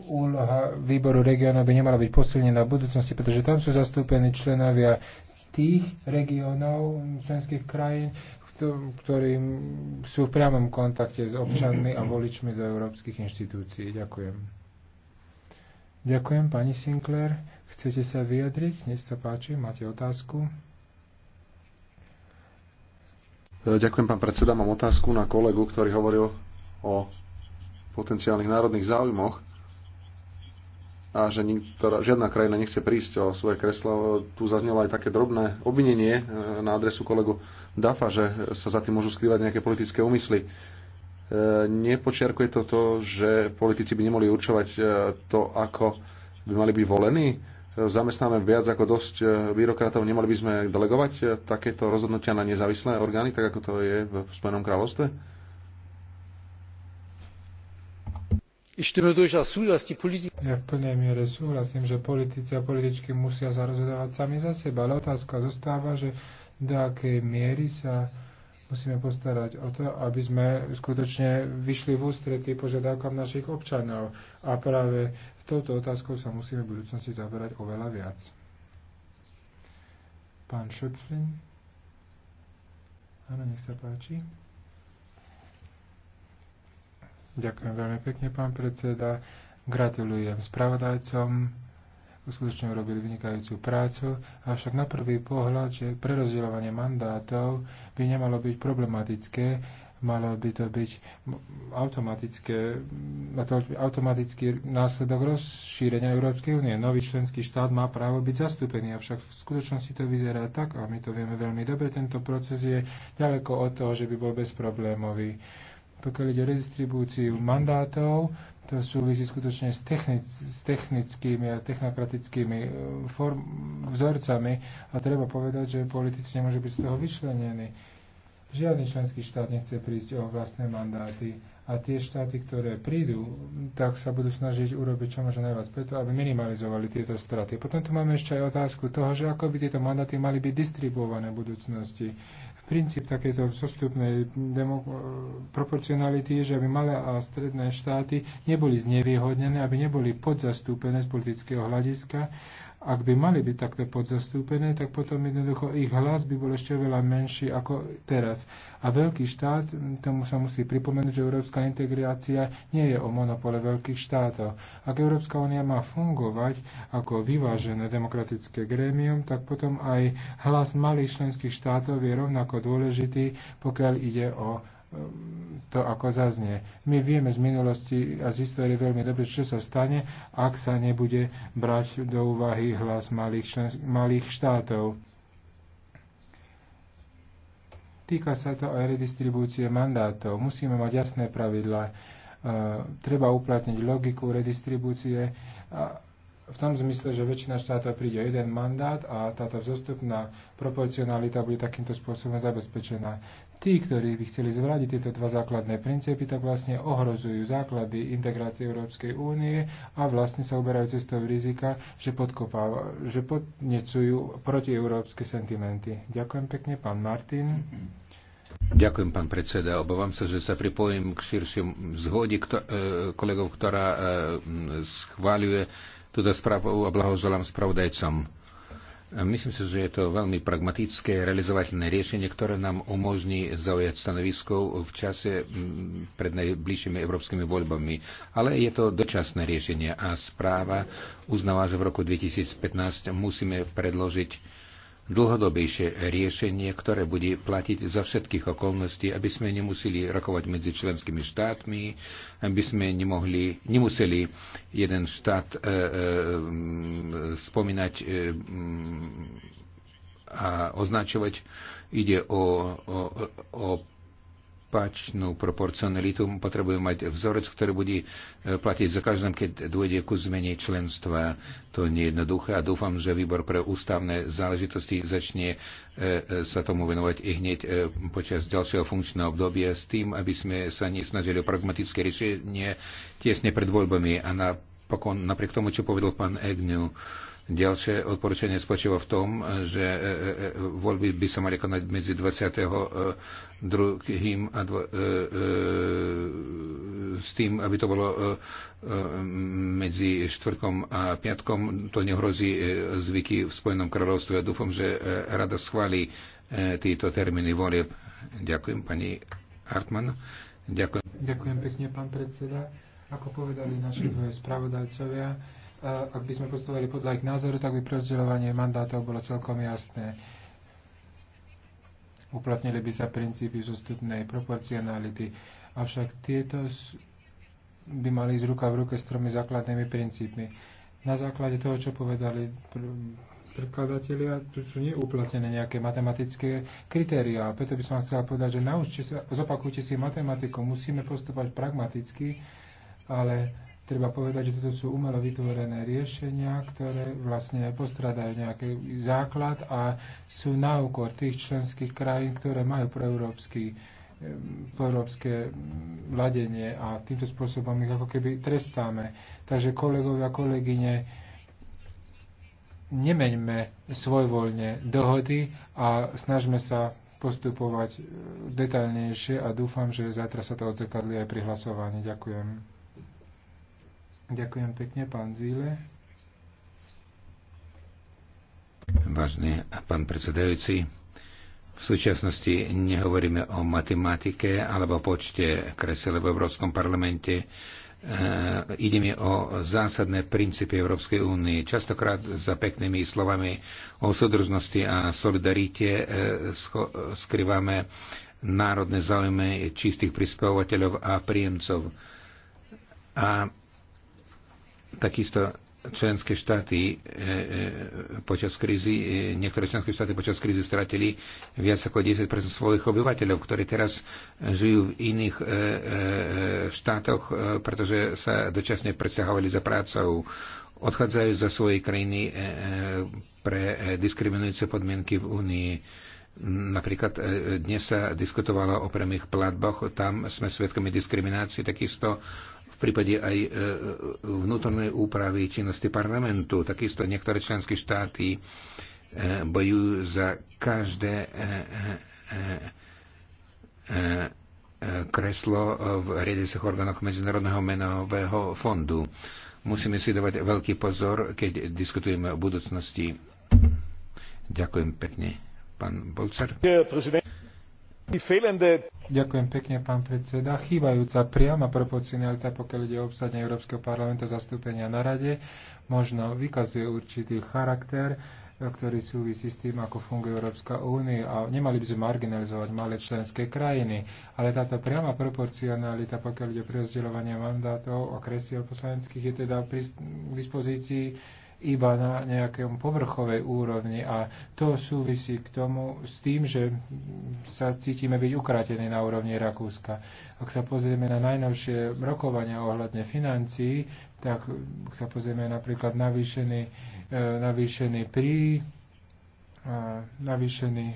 úloha výboru regionov by nemala byť posilnená v budúcnosti, pretože tam sú zastúpení členovia tých regiónov členských krajín, ktorí sú v priamom kontakte s občanmi a voličmi do európskych inštitúcií. Ďakujem. Ďakujem, pani Sinclair. Chcete sa vyjadriť? Nech sa páči, máte otázku. Ďakujem, pán predseda. Mám otázku na kolegu, ktorý hovoril o potenciálnych národných záujmoch a že niktorá, žiadna krajina nechce prísť o svoje kreslo. Tu zaznelo aj také drobné obvinenie e, na adresu kolegu Dafa, že sa za tým môžu skrývať nejaké politické úmysly. E, nepočiarkuje to to, že politici by nemohli určovať e, to, ako by mali byť volení. Zamestnáme viac ako dosť byrokratov, nemali by sme delegovať takéto rozhodnutia na nezávislé orgány, tak ako to je v Spojenom kráľovstve? Ja v plnej miere súhlasím, že politici a političky musia zarozhodovať sami za seba, ale otázka zostáva, že do akej miery sa musíme postarať o to, aby sme skutočne vyšli v ústretí požiadavkám našich občanov. A práve v touto otázkou sa musíme v budúcnosti zaberať oveľa viac. Pán Šöpflin. Áno, nech sa páči. Ďakujem veľmi pekne, pán predseda. Gratulujem spravodajcom. Skutočne urobili vynikajúcu prácu, avšak na prvý pohľad, že prerozdeľovanie mandátov by nemalo byť problematické, malo by to byť automatické, to automatický následok rozšírenia Európskej únie. Nový členský štát má právo byť zastúpený, avšak v skutočnosti to vyzerá tak, a my to vieme veľmi dobre, tento proces je ďaleko od toho, že by bol bezproblémový pokiaľ ide o redistribúciu mandátov, to súvisí skutočne s, technic, s technickými a technokratickými e, form, vzorcami a treba povedať, že politici nemôžu byť z toho vyčlenení. Žiadny členský štát nechce prísť o vlastné mandáty a tie štáty, ktoré prídu, tak sa budú snažiť urobiť čo možno najviac preto, aby minimalizovali tieto straty. Potom tu máme ešte aj otázku toho, že ako by tieto mandáty mali byť distribuované v budúcnosti. Princíp takéto zostupnej proporcionality je, že aby malé a stredné štáty neboli znevýhodnené, aby neboli podzastúpené z politického hľadiska ak by mali byť takto podzastúpené, tak potom jednoducho ich hlas by bol ešte veľa menší ako teraz. A veľký štát, tomu sa musí pripomenúť, že európska integrácia nie je o monopole veľkých štátov. Ak Európska únia má fungovať ako vyvážené demokratické grémium, tak potom aj hlas malých členských štátov je rovnako dôležitý, pokiaľ ide o to, ako zaznie. My vieme z minulosti a z histórie veľmi dobre, čo sa stane, ak sa nebude brať do úvahy hlas malých, člen, malých štátov. Týka sa to aj redistribúcie mandátov. Musíme mať jasné pravidlá. E, treba uplatniť logiku redistribúcie a, v tom zmysle, že väčšina štátov príde o jeden mandát a táto vzostupná proporcionalita bude takýmto spôsobom zabezpečená. Tí, ktorí by chceli zvrátiť tieto dva základné princípy, tak vlastne ohrozujú základy integrácie Európskej únie a vlastne sa uberajú cestou rizika, že, že podnecujú protieurópske sentimenty. Ďakujem pekne, pán Martin. Ďakujem, pán predseda. Obávam sa, že sa pripojím k širším zhodi kto, e, kolegov, ktorá e, schváľuje túto správu a blahoželám spravodajcom. Myslím si, že je to veľmi pragmatické, realizovateľné riešenie, ktoré nám umožní zaujať stanovisko v čase pred najbližšími európskymi voľbami. Ale je to dočasné riešenie a správa uznáva, že v roku 2015 musíme predložiť dlhodobejšie riešenie, ktoré bude platiť za všetkých okolností, aby sme nemuseli rokovať medzi členskými štátmi, aby sme nemohli, nemuseli jeden štát e, e, mm, spomínať e, mm, a označovať. Ide o, o, o opačnú proporcionalitu. Potrebujeme mať vzorec, ktorý bude e, platiť za každým, keď dôjde ku zmene členstva. To nie je jednoduché a dúfam, že výbor pre ústavné záležitosti začne e, e, sa tomu venovať i hneď počas ďalšieho funkčného obdobia s tým, aby sme sa nesnažili o pragmatické riešenie tesne pred voľbami a napokon, napriek tomu, čo povedal pán Egnew, Ďalšie odporúčanie spočíva v tom, že e, e, e, voľby by sa mali konať medzi 22. a s tým, aby to bolo medzi štvrtkom a piatkom. To nehrozí zvyky v Spojenom kráľovstve. Dúfam, že rada schválí tieto termíny volieb. Ďakujem, pani Hartmann. Ďakujem. Ďakujem pekne, pán predseda. Ako povedali naši dvoje spravodajcovia, ak by sme postupovali podľa ich názoru, tak by prerozdeľovanie mandátov bolo celkom jasné. Uplatnili by sa princípy zostupnej proporcionality, avšak tieto by mali ísť ruka v ruke s tromi základnými princípmi. Na základe toho, čo povedali predkladatelia, tu sú neuplatnené nejaké matematické kritériá. Preto by som vám chcela povedať, že naučte sa, zopakujte si matematiku, musíme postupovať pragmaticky, ale Treba povedať, že toto sú umelo vytvorené riešenia, ktoré vlastne postradajú nejaký základ a sú na úkor tých členských krajín, ktoré majú proeurópsky európske vladenie a týmto spôsobom ich ako keby trestáme. Takže kolegovia, kolegyne, nemeňme svojvoľne dohody a snažme sa postupovať detaľnejšie a dúfam, že zajtra sa to odzrkadlí aj pri hlasovaní. Ďakujem. Ďakujem pekne, pán Zíle. Vážne, pán predsedajúci, v súčasnosti nehovoríme o matematike alebo počte kresel v Európskom parlamente. E, eh, ideme o zásadné princípy Európskej únie. Častokrát za peknými slovami o súdržnosti a solidarite e, scho- skrývame národné záujmy čistých prispevovateľov a príjemcov. A Takisto členské štáty e, e, počas krízy, e, niektoré členské štáty počas krízy stratili viac ako 10 svojich obyvateľov, ktorí teraz žijú v iných štátoch, pretože sa dočasne presahovali za prácou, odchádzajú za svojej krajiny pre diskriminujúce podmienky v Únii. Napríklad dnes sa diskutovalo o premých platboch, tam sme svedkami diskriminácie, takisto prípade aj e, e, vnútornej úpravy činnosti parlamentu. Takisto niektoré členské štáty e, bojujú za každé kreslo v riadiacich orgánoch Medzinárodného menového fondu. Musíme si dávať veľký pozor, keď diskutujeme o budúcnosti. Ďakujem pekne, pán Bolcer. Ďakujem pekne, pán predseda. Chýbajúca priama proporcionalita, pokiaľ ide o obsadenie Európskeho parlamentu zastúpenia na rade, možno vykazuje určitý charakter, ktorý súvisí s tým, ako funguje Európska únia a nemali by sme marginalizovať malé členské krajiny, ale táto priama proporcionalita, pokiaľ ide o prerozdeľovanie mandátov a kresiel poslaneckých, je teda k dispozícii iba na nejakom povrchovej úrovni a to súvisí k tomu s tým, že sa cítime byť ukratení na úrovni Rakúska. Ak sa pozrieme na najnovšie rokovania ohľadne financií, tak ak sa pozrieme napríklad navýšený, e, navýšený prí, e, navýšený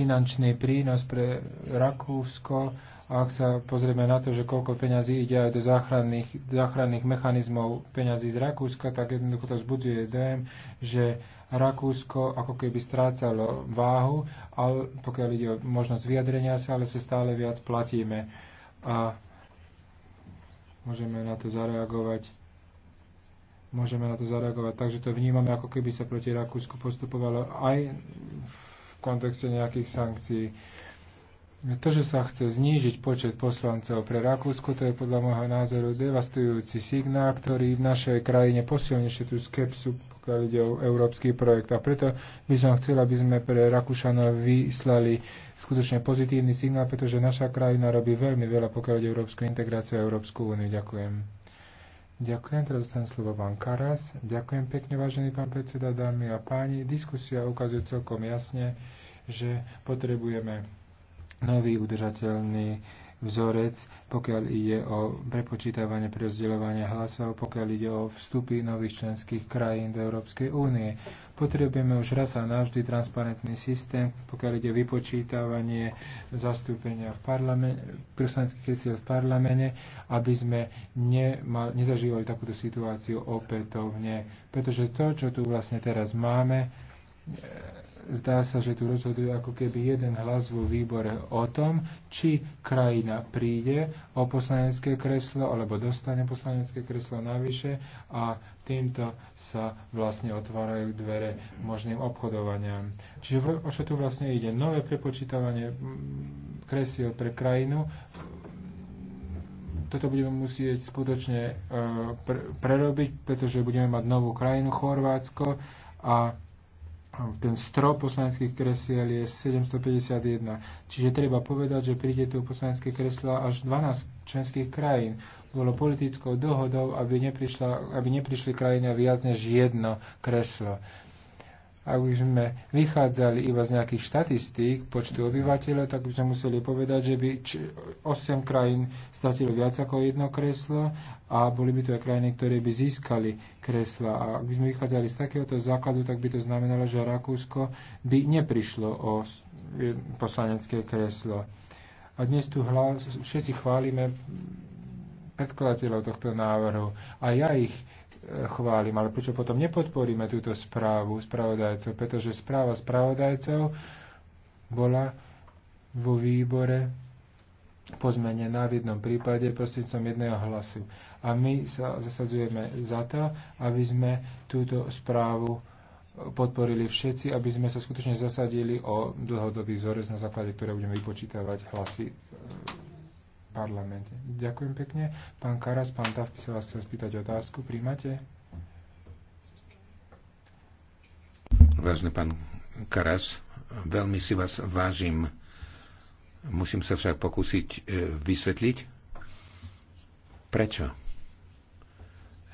finančný prínos pre Rakúsko, a ak sa pozrieme na to, že koľko peňazí ide aj do záchranných, záchranných mechanizmov peňazí z Rakúska, tak jednoducho to vzbudzuje dojem, že Rakúsko ako keby strácalo váhu, ale pokiaľ ide o možnosť vyjadrenia sa, ale sa stále viac platíme. A môžeme na to zareagovať môžeme na to zareagovať. Takže to vnímame, ako keby sa proti Rakúsku postupovalo aj v kontexte nejakých sankcií. To, že sa chce znížiť počet poslancov pre Rakúsko, to je podľa môjho názoru devastujúci signál, ktorý v našej krajine posilní tú skepsu, pokiaľ ide o európsky projekt. A preto by som chcel, aby sme pre Rakúšanov vyslali skutočne pozitívny signál, pretože naša krajina robí veľmi veľa, pokiaľ ide európsku integráciu a Európsku úniu. Ďakujem. Ďakujem, teraz dostanem slovo pán Karas. Ďakujem pekne, vážený pán predseda, dámy a páni. Diskusia ukazuje celkom jasne, že potrebujeme nový udržateľný vzorec, pokiaľ ide o prepočítavanie prerozdeľovania hlasov, pokiaľ ide o vstupy nových členských krajín do Európskej únie. Potrebujeme už raz a navždy transparentný systém, pokiaľ ide o vypočítavanie zastúpenia v parlamente, poslaneckých v parlamente, aby sme nemal, nezažívali takúto situáciu opätovne. Pretože to, čo tu vlastne teraz máme, zdá sa, že tu rozhoduje ako keby jeden hlas vo výbore o tom, či krajina príde o poslanecké kreslo alebo dostane poslanecké kreslo navyše a týmto sa vlastne otvárajú dvere možným obchodovaniam. Čiže o čo tu vlastne ide? Nové prepočítavanie kresiel pre krajinu toto budeme musieť skutočne e, prerobiť, pretože budeme mať novú krajinu Chorvátsko a ten strop poslaneckých kresiel je 751. Čiže treba povedať, že príde tu poslanecké kresla až 12 členských krajín. Bolo politickou dohodou, aby, neprišla, aby neprišli krajina viac než jedno kreslo ak by sme vychádzali iba z nejakých štatistík počtu obyvateľov, tak by sme museli povedať, že by 8 krajín stratilo viac ako jedno kreslo a boli by to aj krajiny, ktoré by získali kresla. A ak by sme vychádzali z takéhoto základu, tak by to znamenalo, že Rakúsko by neprišlo o poslanecké kreslo. A dnes tu hlas, všetci chválime predkladateľov tohto návrhu a ja ich chválim, ale prečo potom nepodporíme túto správu spravodajcov? Pretože správa spravodajcov bola vo výbore pozmenená v jednom prípade prostredníctvom jedného hlasu. A my sa zasadzujeme za to, aby sme túto správu podporili všetci, aby sme sa skutočne zasadili o dlhodobý vzorec, na základe ktoré budeme vypočítavať hlasy parlamente. Ďakujem pekne. Pán Karas, pán tavky, sa vás chcel spýtať otázku. Príjmate? Vážny pán Karas, veľmi si vás vážim. Musím sa však pokúsiť e, vysvetliť, prečo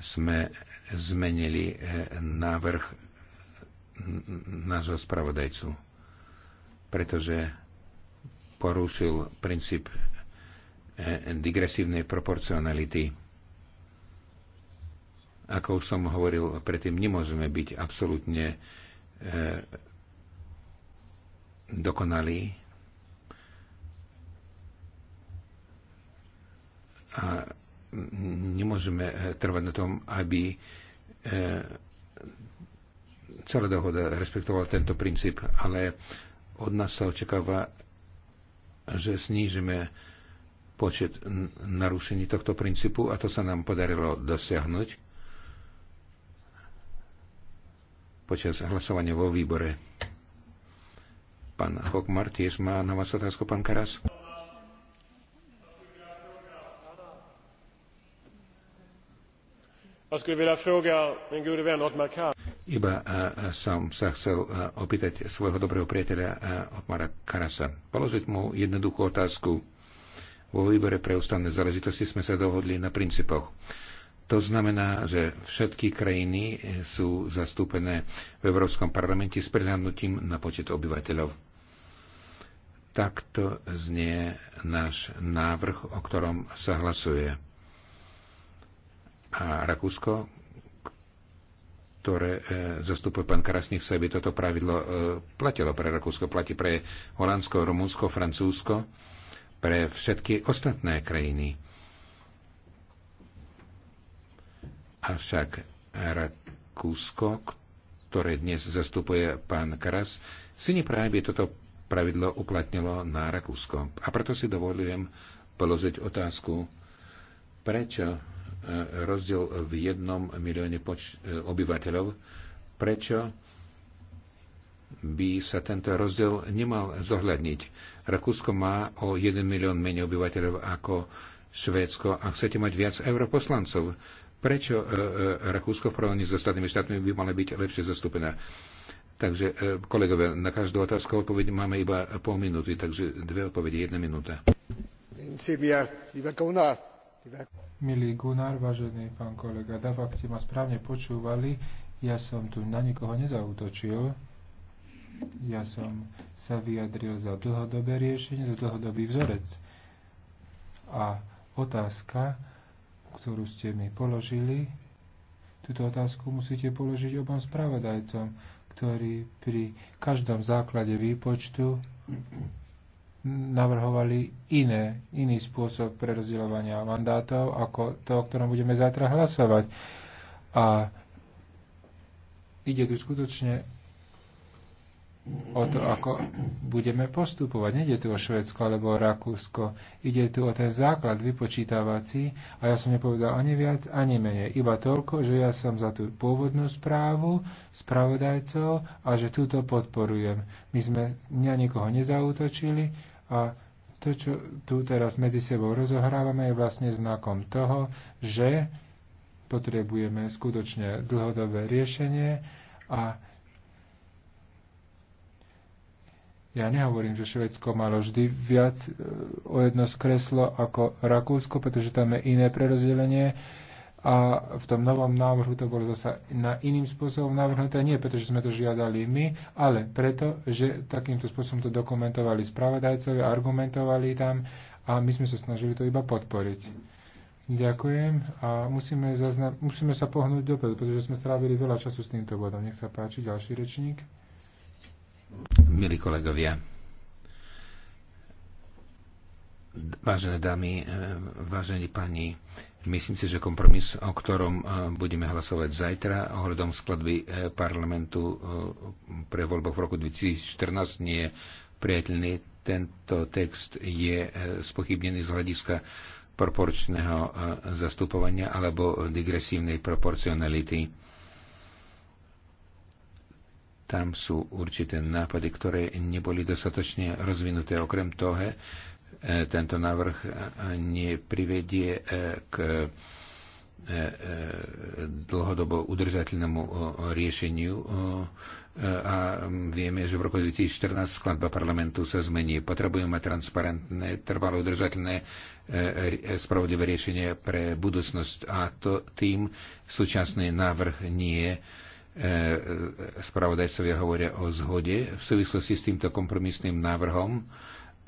sme zmenili e, návrh nášho spravodajcu. Pretože porušil princíp Eh, digresívnej proporcionality. Ako už som hovoril, predtým nemôžeme byť absolútne eh, dokonalí. A nemôžeme eh, trvať na tom, aby celá dohoda respektovala tento princíp, ale od nás sa očakáva, že snížime počet narušení tohto princípu a to sa nám podarilo dosiahnuť počas hlasovania vo výbore. Pán Hokmar tiež má na vás otázku, pán Karas. Iba som sa chcel opýtať svojho dobrého priateľa Otmara Karasa. Položiť mu jednoduchú otázku vo výbore pre ústavné záležitosti sme sa dohodli na princípoch. To znamená, že všetky krajiny sú zastúpené v Európskom parlamente s prihľadnutím na počet obyvateľov. Takto znie náš návrh, o ktorom sa hlasuje. A Rakúsko, ktoré e, zastupuje pán Krasný sa by toto pravidlo e, platilo pre Rakúsko, platí pre Holandsko, Rumunsko, Francúzsko pre všetky ostatné krajiny. Avšak Rakúsko, ktoré dnes zastupuje pán Karas, si nepráve by toto pravidlo uplatnilo na Rakúsko. A preto si dovolujem položiť otázku, prečo e, rozdiel v jednom milióne e, obyvateľov, prečo by sa tento rozdiel nemal zohľadniť. Rakúsko má o 1 milión menej obyvateľov ako Švédsko a chcete mať viac europoslancov. Prečo e, e, Rakúsko v porovnaní s ostatnými štátmi by mala byť lepšie zastúpená? Takže, e, kolegové, na každú otázku odpoveď máme iba pol minúty, takže dve odpovede, jedna minúta. Milý Gunnar, vážený pán kolega Dav, ak ste ma správne počúvali, ja som tu na nikoho nezautočil. Ja som sa vyjadril za dlhodobé riešenie, za dlhodobý vzorec. A otázka, ktorú ste mi položili, túto otázku musíte položiť obom spravodajcom, ktorí pri každom základe výpočtu navrhovali iné, iný spôsob prerozdeľovania mandátov ako to, o ktorom budeme zajtra hlasovať. A ide tu skutočne o to, ako budeme postupovať. Nede tu o Švedsko alebo o Rakúsko. Ide tu o ten základ vypočítavací a ja som nepovedal ani viac, ani menej. Iba toľko, že ja som za tú pôvodnú správu spravodajcov a že túto podporujem. My sme mňa nikoho nezautočili a to, čo tu teraz medzi sebou rozohrávame, je vlastne znakom toho, že potrebujeme skutočne dlhodobé riešenie a Ja nehovorím, že Švedsko malo vždy viac e, o jedno skreslo ako Rakúsko, pretože tam je iné prerozdelenie a v tom novom návrhu to bolo zase na iným spôsobom navrhnuté, nie pretože sme to žiadali my, ale preto, že takýmto spôsobom to dokumentovali spravodajcovia, argumentovali tam a my sme sa snažili to iba podporiť. Ďakujem a musíme, zazna- musíme sa pohnúť dopredu, pretože sme strávili veľa času s týmto bodom. Nech sa páči, ďalší rečník milí kolegovia, vážené dámy, e, vážení páni, myslím si, že kompromis, o ktorom e, budeme hlasovať zajtra ohľadom skladby e, parlamentu pre voľbách v roku 2014 nie je priateľný. Tento text je spochybnený z hľadiska proporčného zastupovania alebo digresívnej proporcionality tam sú určité nápady, ktoré neboli dostatočne rozvinuté. Okrem toho, e, tento návrh neprivedie e, k e, dlhodobo udržateľnému riešeniu a vieme, že v roku 2014 skladba parlamentu sa zmení. Potrebujeme transparentné, trvalo udržateľné spravodlivé riešenie pre budúcnosť a to tým súčasný návrh nie je E, e, spravodajcovia hovoria o zhode v súvislosti s týmto kompromisným návrhom.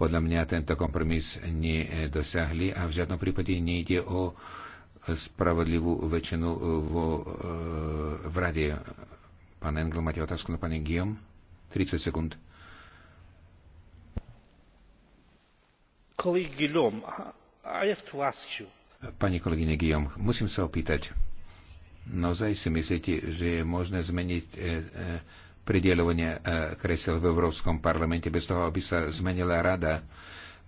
Podľa mňa tento kompromis nedosiahli a v žiadnom prípade nejde o spravodlivú väčšinu vo, e, v rade. Pán Engel, máte otázku na pani Guillaume? 30 sekúnd. Pani kolegyne Guillaume, musím sa opýtať Naozaj si myslíte, že je možné zmeniť e, e, prideľovanie e, kresel v Európskom parlamente bez toho, aby sa zmenila rada?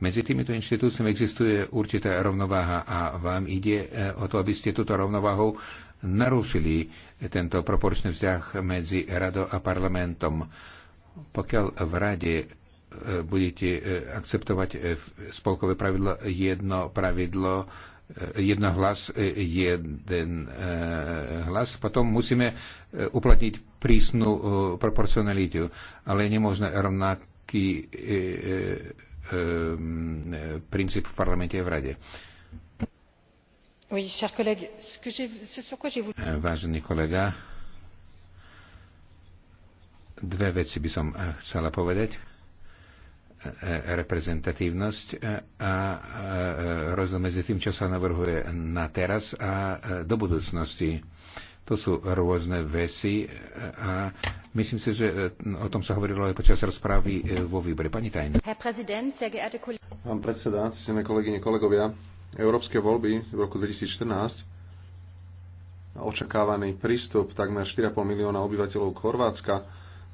Medzi týmito inštitúciami existuje určitá rovnováha a vám ide o to, aby ste túto rovnováhu narušili tento proporčný vzťah medzi radou a parlamentom. Pokiaľ v rade budete akceptovať spolkové pravidlo, jedno pravidlo E, jedna hlas, e, jeden e, hlas. Potom musíme uplatniť prísnu proporcionalitu, ale nemôžno rovnaký princíp v parlamente a v rade. Vážený kolega, dve veci by som chcela povedať E, e, reprezentatívnosť e, a rozdiel medzi tým, čo sa navrhuje na teraz a do budúcnosti. To sú rôzne veci a myslím si, že o tom sa hovorilo aj počas rozprávy vo výbore. Pani Tajn. Pán predseda, ctené kolegyne, kolegovia, európske voľby v roku 2014 očakávaný prístup takmer 4,5 milióna obyvateľov Chorvátska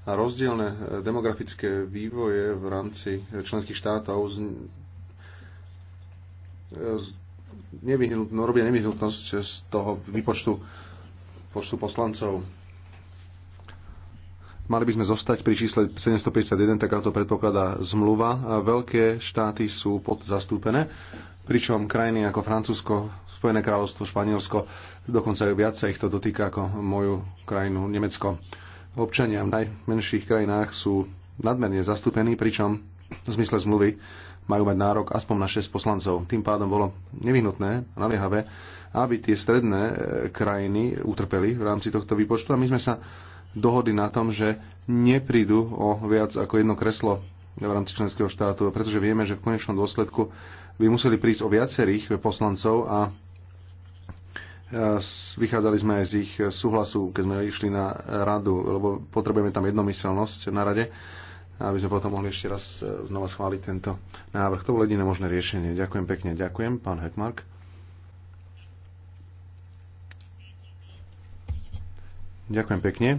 rozdielne eh, demografické vývoje v rámci eh, členských štátov z, eh, z nevyhnutno, robia nevyhnutnosť z toho výpočtu počtu poslancov. Mali by sme zostať pri čísle 751, taká to predpokladá zmluva. A veľké štáty sú podzastúpené, pričom krajiny ako Francúzsko, Spojené kráľovstvo, Španielsko, dokonca aj viac sa ich to dotýka ako moju krajinu Nemecko občania v najmenších krajinách sú nadmerne zastúpení, pričom v zmysle zmluvy majú mať nárok aspoň na 6 poslancov. Tým pádom bolo nevyhnutné a naliehavé, aby tie stredné e, krajiny utrpeli v rámci tohto výpočtu a my sme sa dohodli na tom, že neprídu o viac ako jedno kreslo v rámci členského štátu, pretože vieme, že v konečnom dôsledku by museli prísť o viacerých poslancov a Vychádzali sme aj z ich súhlasu, keď sme išli na radu, lebo potrebujeme tam jednomyselnosť na rade, aby sme potom mohli ešte raz e, znova schváliť tento návrh. To bolo jediné možné riešenie. Ďakujem pekne. Ďakujem, pán Hekmark. Ďakujem pekne.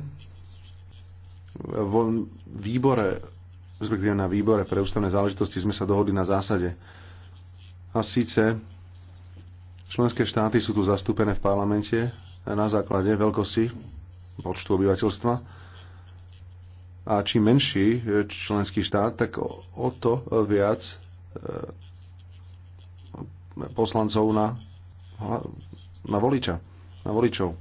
Vo výbore, respektíve na výbore pre ústavné záležitosti sme sa dohodli na zásade. A síce Členské štáty sú tu zastúpené v parlamente na základe veľkosti počtu obyvateľstva. A čím menší členský štát, tak o to viac e, poslancov na, na voliča, na voličov.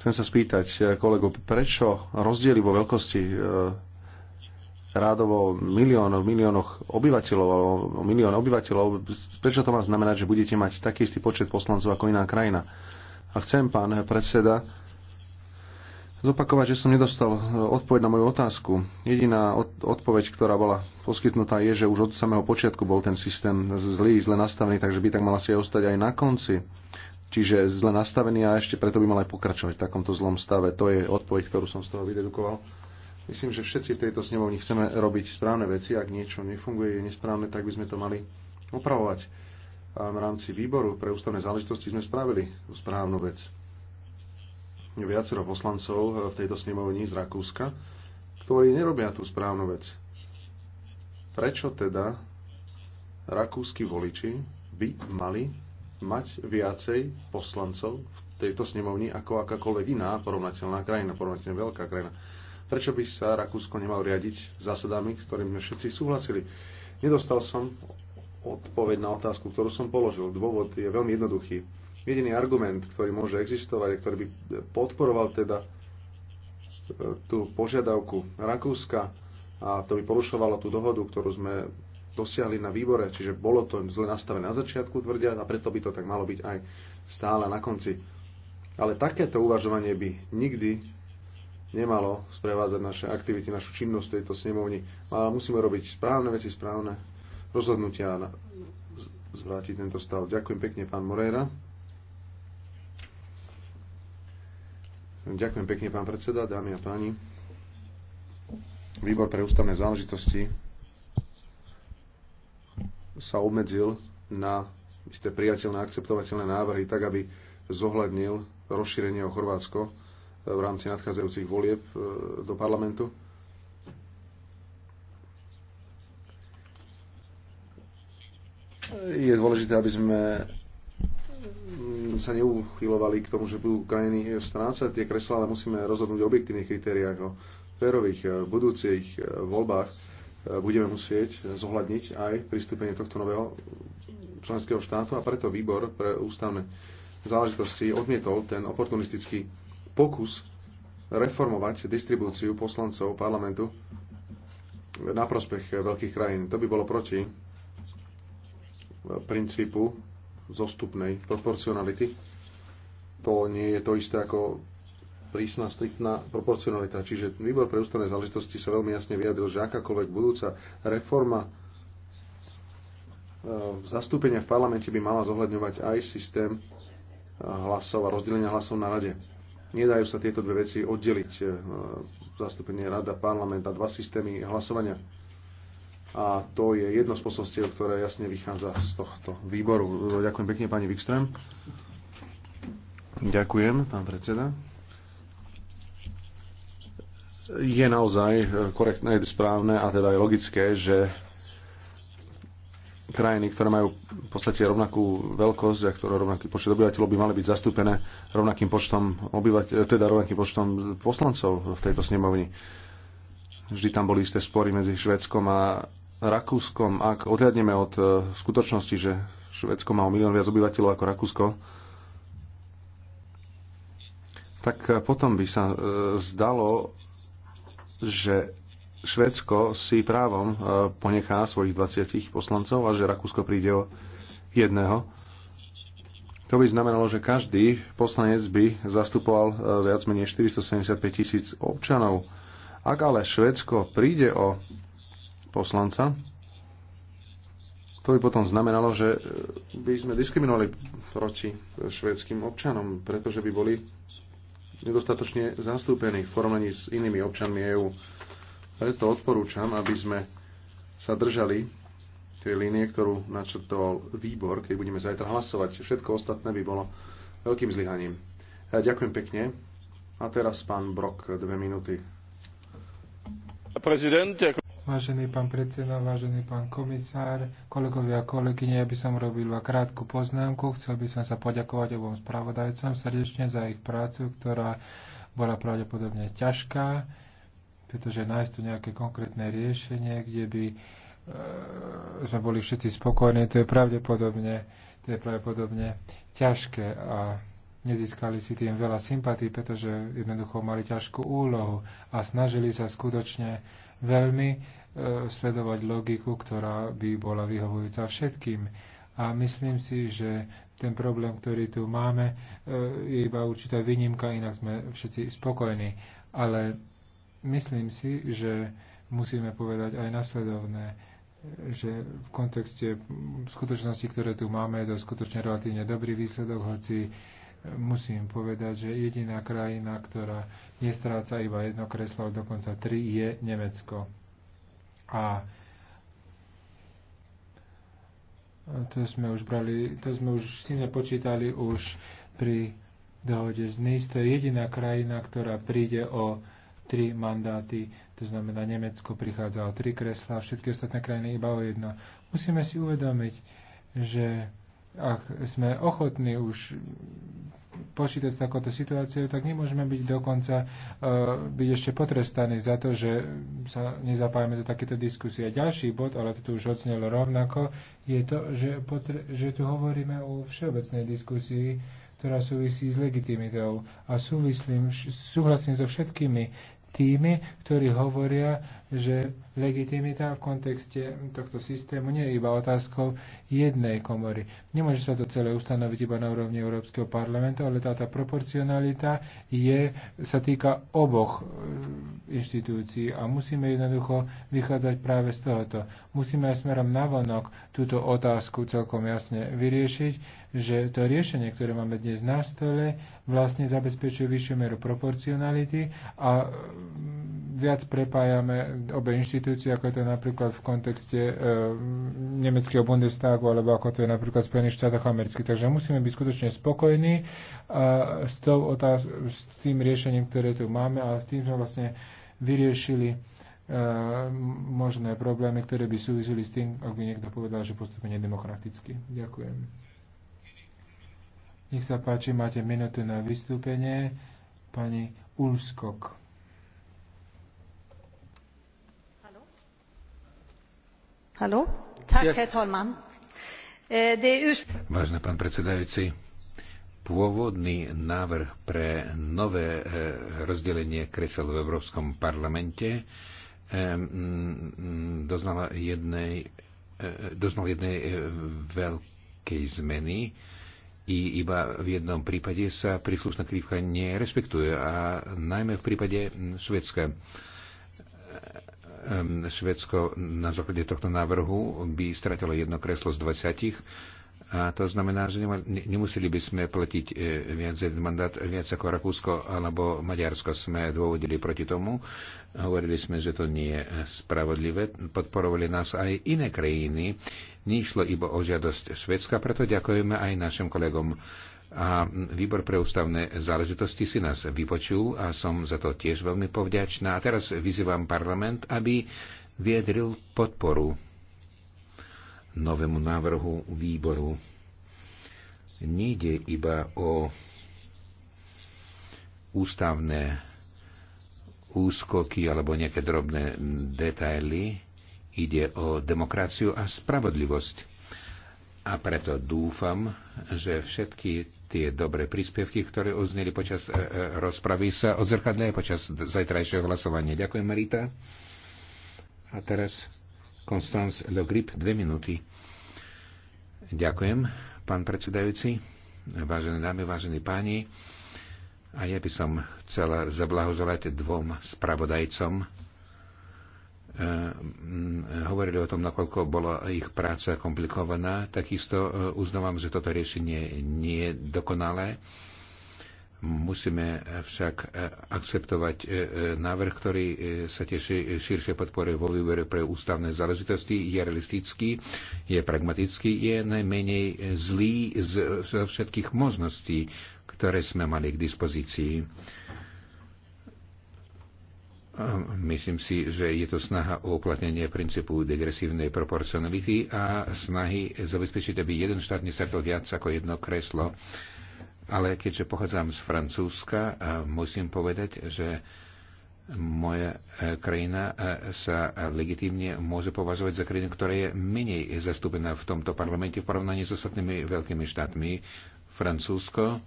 Chcem sa spýtať kolego, prečo rozdiely vo veľkosti e, rádovo miliónov, miliónoch obyvateľov, alebo milión obyvateľov, prečo to má znamenať, že budete mať taký istý počet poslancov ako iná krajina? A chcem, pán predseda, zopakovať, že som nedostal e, odpoveď na moju otázku. Jediná odpoveď, ktorá bola poskytnutá, je, že už od samého počiatku bol ten systém zlý, zle nastavený, takže by tak mala si aj ostať aj na konci. Čiže zle nastavený a ešte preto by mal aj pokračovať v takomto zlom stave. To je odpoveď, ktorú som z toho vydedukoval. Myslím, že všetci v tejto snemovni chceme robiť správne veci. Ak niečo nefunguje, je nesprávne, tak by sme to mali opravovať. A v rámci výboru pre ústavné záležitosti sme spravili správnu vec. Viacero poslancov e, v tejto snemovni z Rakúska, ktorí nerobia tú správnu vec. Prečo teda rakúsky voliči by mali mať viacej poslancov v tejto snemovni ako akákoľvek iná porovnateľná krajina, porovnateľne veľká krajina Prečo by sa Rakúsko nemal riadiť zásadami, s ktorými sme všetci súhlasili? Nedostal som odpoveď na otázku, ktorú som položil. Dôvod je veľmi jednoduchý. Jediný argument, ktorý môže existovať a ktorý by podporoval teda e, tú požiadavku Rakúska a to by porušovalo tú dohodu, ktorú sme dosiahli na výbore, čiže bolo to im zle nastavené na začiatku, tvrdia, a preto by to tak malo byť aj stále na konci. Ale takéto uvažovanie by nikdy nemalo sprevázať naše aktivity, našu činnosť v tejto snemovni. Ale musíme robiť správne veci, správne rozhodnutia a zvrátiť tento stav. Ďakujem pekne, pán Moreira. Ďakujem pekne, pán predseda, dámy a páni. Výbor pre ústavné záležitosti sa obmedzil na isté priateľné, akceptovateľné návrhy, tak aby zohľadnil rozšírenie o Chorvátsko v rámci nadchádzajúcich volieb e, do parlamentu. Je dôležité, aby sme mm, sa neuchylovali k tomu, že budú krajiny strácať tie kreslá, ale musíme rozhodnúť o objektívnych kritériách, o férových e, budúcich e, voľbách. Budeme musieť zohľadniť aj pristúpenie tohto nového členského štátu a preto výbor pre ústavné záležitosti odmietol ten oportunistický pokus reformovať distribúciu poslancov parlamentu na prospech veľkých krajín. To by bolo proti princípu zostupnej proporcionality. To nie je to isté ako prísna, striktná proporcionalita. Čiže výbor pre ústavné záležitosti sa veľmi jasne vyjadril, že akákoľvek budúca reforma e, zastúpenia v parlamente by mala zohľadňovať aj systém hlasov a rozdelenia hlasov na rade Nedajú sa tieto dve veci oddeliť. E, zastúpenie rada, parlament a dva systémy hlasovania. A to je jedno z posolstiev, ktoré jasne vychádza z tohto výboru. Ďakujem pekne, pani Wikström. Ďakujem, pán predseda je naozaj e, korektné, správne a teda aj logické, že krajiny, ktoré majú v podstate rovnakú veľkosť a ktoré rovnaký počet obyvateľov by mali byť zastúpené rovnakým počtom obyvateľ, teda rovnakým počtom poslancov v tejto snemovni. Vždy tam boli isté spory medzi Švedskom a Rakúskom. Ak odhľadneme od e, skutočnosti, že Švedsko má o milión viac obyvateľov ako Rakúsko, tak potom by sa e, zdalo, že Švedsko si právom e, ponechá svojich 20 poslancov a že Rakúsko príde o jedného. To by znamenalo, že každý poslanec by zastupoval e, viac menej 475 tisíc občanov. Ak ale Švedsko príde o poslanca, to by potom znamenalo, že e, by sme diskriminovali proti švedským občanom, pretože by boli nedostatočne zastúpení v porovnaní s inými občanmi EÚ. Preto odporúčam, aby sme sa držali tej línie, ktorú načrtol výbor, keď budeme zajtra hlasovať. Všetko ostatné by bolo veľkým zlyhaním. Ja ďakujem pekne. A teraz pán Brok, dve minúty. Prezident, ako... Vážený pán predseda, vážený pán komisár, kolegovia a kolegyne, ja by som robil iba krátku poznámku. Chcel by som sa poďakovať obom spravodajcom srdečne za ich prácu, ktorá bola pravdepodobne ťažká pretože nájsť tu nejaké konkrétne riešenie, kde by e, sme boli všetci spokojní, to je pravdepodobne, to je pravdepodobne ťažké a nezískali si tým veľa sympatí, pretože jednoducho mali ťažkú úlohu a snažili sa skutočne veľmi e, sledovať logiku, ktorá by bola vyhovujúca všetkým. A myslím si, že ten problém, ktorý tu máme, e, je iba určitá výnimka, inak sme všetci spokojní. Ale Myslím si, že musíme povedať aj nasledovné, že v kontexte skutočnosti, ktoré tu máme, je to skutočne relatívne dobrý výsledok, hoci musím povedať, že jediná krajina, ktorá nestráca iba jedno kreslo, ale dokonca tri, je Nemecko. A to sme už brali, to sme už, s tým počítali už pri dohode z NIS. To je jediná krajina, ktorá príde o tri mandáty, to znamená Nemecko prichádza o tri kreslá, všetky ostatné krajiny iba o jedno. Musíme si uvedomiť, že ak sme ochotní už počítať s takouto situáciou, tak nemôžeme byť dokonca uh, byť ešte potrestaní za to, že sa nezapájame do takéto diskusie. A ďalší bod, ale to tu už odznelo rovnako, je to, že, potre- že tu hovoríme o všeobecnej diskusii, ktorá súvisí s legitimitou. A súvislím, súhlasím so všetkými tými, ktorí hovoria, že legitimita v kontexte tohto systému nie je iba otázkou jednej komory. Nemôže sa to celé ustanoviť iba na úrovni Európskeho parlamentu, ale táto proporcionalita je, sa týka oboch e, inštitúcií a musíme jednoducho vychádzať práve z tohoto. Musíme aj smerom navonok túto otázku celkom jasne vyriešiť, že to riešenie, ktoré máme dnes na stole, vlastne zabezpečuje vyššiu mieru proporcionality a mm, viac prepájame obe inštitúcie, ako je to napríklad v kontexte e, nemeckého Bundestagu, alebo ako to je napríklad v Spojených štátoch amerických. Takže musíme byť skutočne spokojní a e, s, tou otáz- s tým riešením, ktoré tu máme a s tým sme vlastne vyriešili e, možné problémy, ktoré by súvisili s tým, ak by niekto povedal, že postupne demokraticky. Ďakujem. Nech sa páči, máte minútu na vystúpenie. Pani Ulskok. Eh, er Vážený pán predsedajúci, pôvodný návrh pre nové eh, rozdelenie kresel v Európskom parlamente eh, mm, doznala jednej, doznal jednej veľkej zmeny i iba v jednom prípade sa príslušná krivka nerespektuje a najmä v prípade mm, Švedska Ehm, Švedsko na základe tohto návrhu by stratilo jedno kreslo z 20. A to znamená, že nemuseli by sme platiť e, viac jeden mandát, viac ako Rakúsko alebo Maďarsko. Sme dôvodili proti tomu. Hovorili sme, že to nie je spravodlivé. Podporovali nás aj iné krajiny. Nešlo iba o žiadosť Švedska, preto ďakujeme aj našim kolegom a výbor pre ústavné záležitosti si nás vypočul a som za to tiež veľmi povďačná. A teraz vyzývam parlament, aby viedril podporu novému návrhu výboru. Nejde iba o ústavné úskoky alebo nejaké drobné detaily, ide o demokraciu a spravodlivosť. A preto dúfam, že všetky tie dobré príspevky, ktoré uzneli počas e, e, rozpravy, sa odzrkadlia počas zajtrajšieho hlasovania. Ďakujem, Marita. A teraz Konstanz Le Grip, dve minúty. Ďakujem, pán predsedajúci, vážené dámy, vážení páni. A ja by som chcela zablahozovať dvom spravodajcom Eh, hovorili o tom, nakoľko bola ich práca komplikovaná. Takisto eh, uznávam, že toto riešenie nie je dokonalé. Musíme však eh, akceptovať návrh, ktorý sa teší širšie podpory vo výbere pre ústavné záležitosti. Je realistický, je pragmatický, je najmenej zlý z všetkých možností, ktoré sme mali k dispozícii Myslím si, že je to snaha o uplatnenie princípu degresívnej proporcionality a snahy zabezpečiť, aby jeden štát nestretol viac ako jedno kreslo. Ale keďže pochádzam z Francúzska, musím povedať, že moja e, krajina e, sa legitimne môže považovať za krajinu, ktorá je menej zastúpená v tomto parlamente v porovnaní s ostatnými veľkými štátmi. Francúzsko,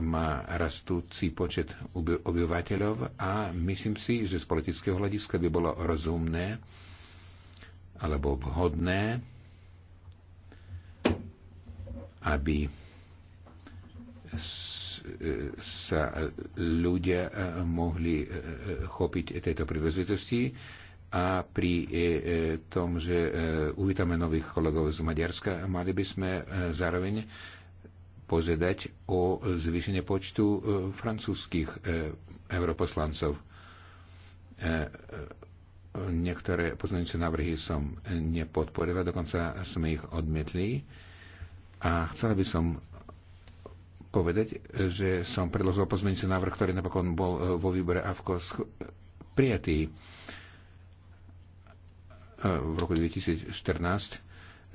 má rastúci počet obyvateľov a myslím si, že z politického hľadiska by bolo rozumné alebo vhodné, aby sa ľudia mohli chopiť tejto príležitosti a pri e, e, tom, že e, uvítame nových kolegov z Maďarska, mali by sme zároveň požiadať o zvýšenie počtu e, francúzských e, europoslancov. E, niektoré poznanice návrhy som nepodporila, dokonca sme ich odmietli. A chcela by som povedať, že som predložil pozmeňujúci návrh, ktorý napokon bol vo výbore AFKO prijatý v roku 2014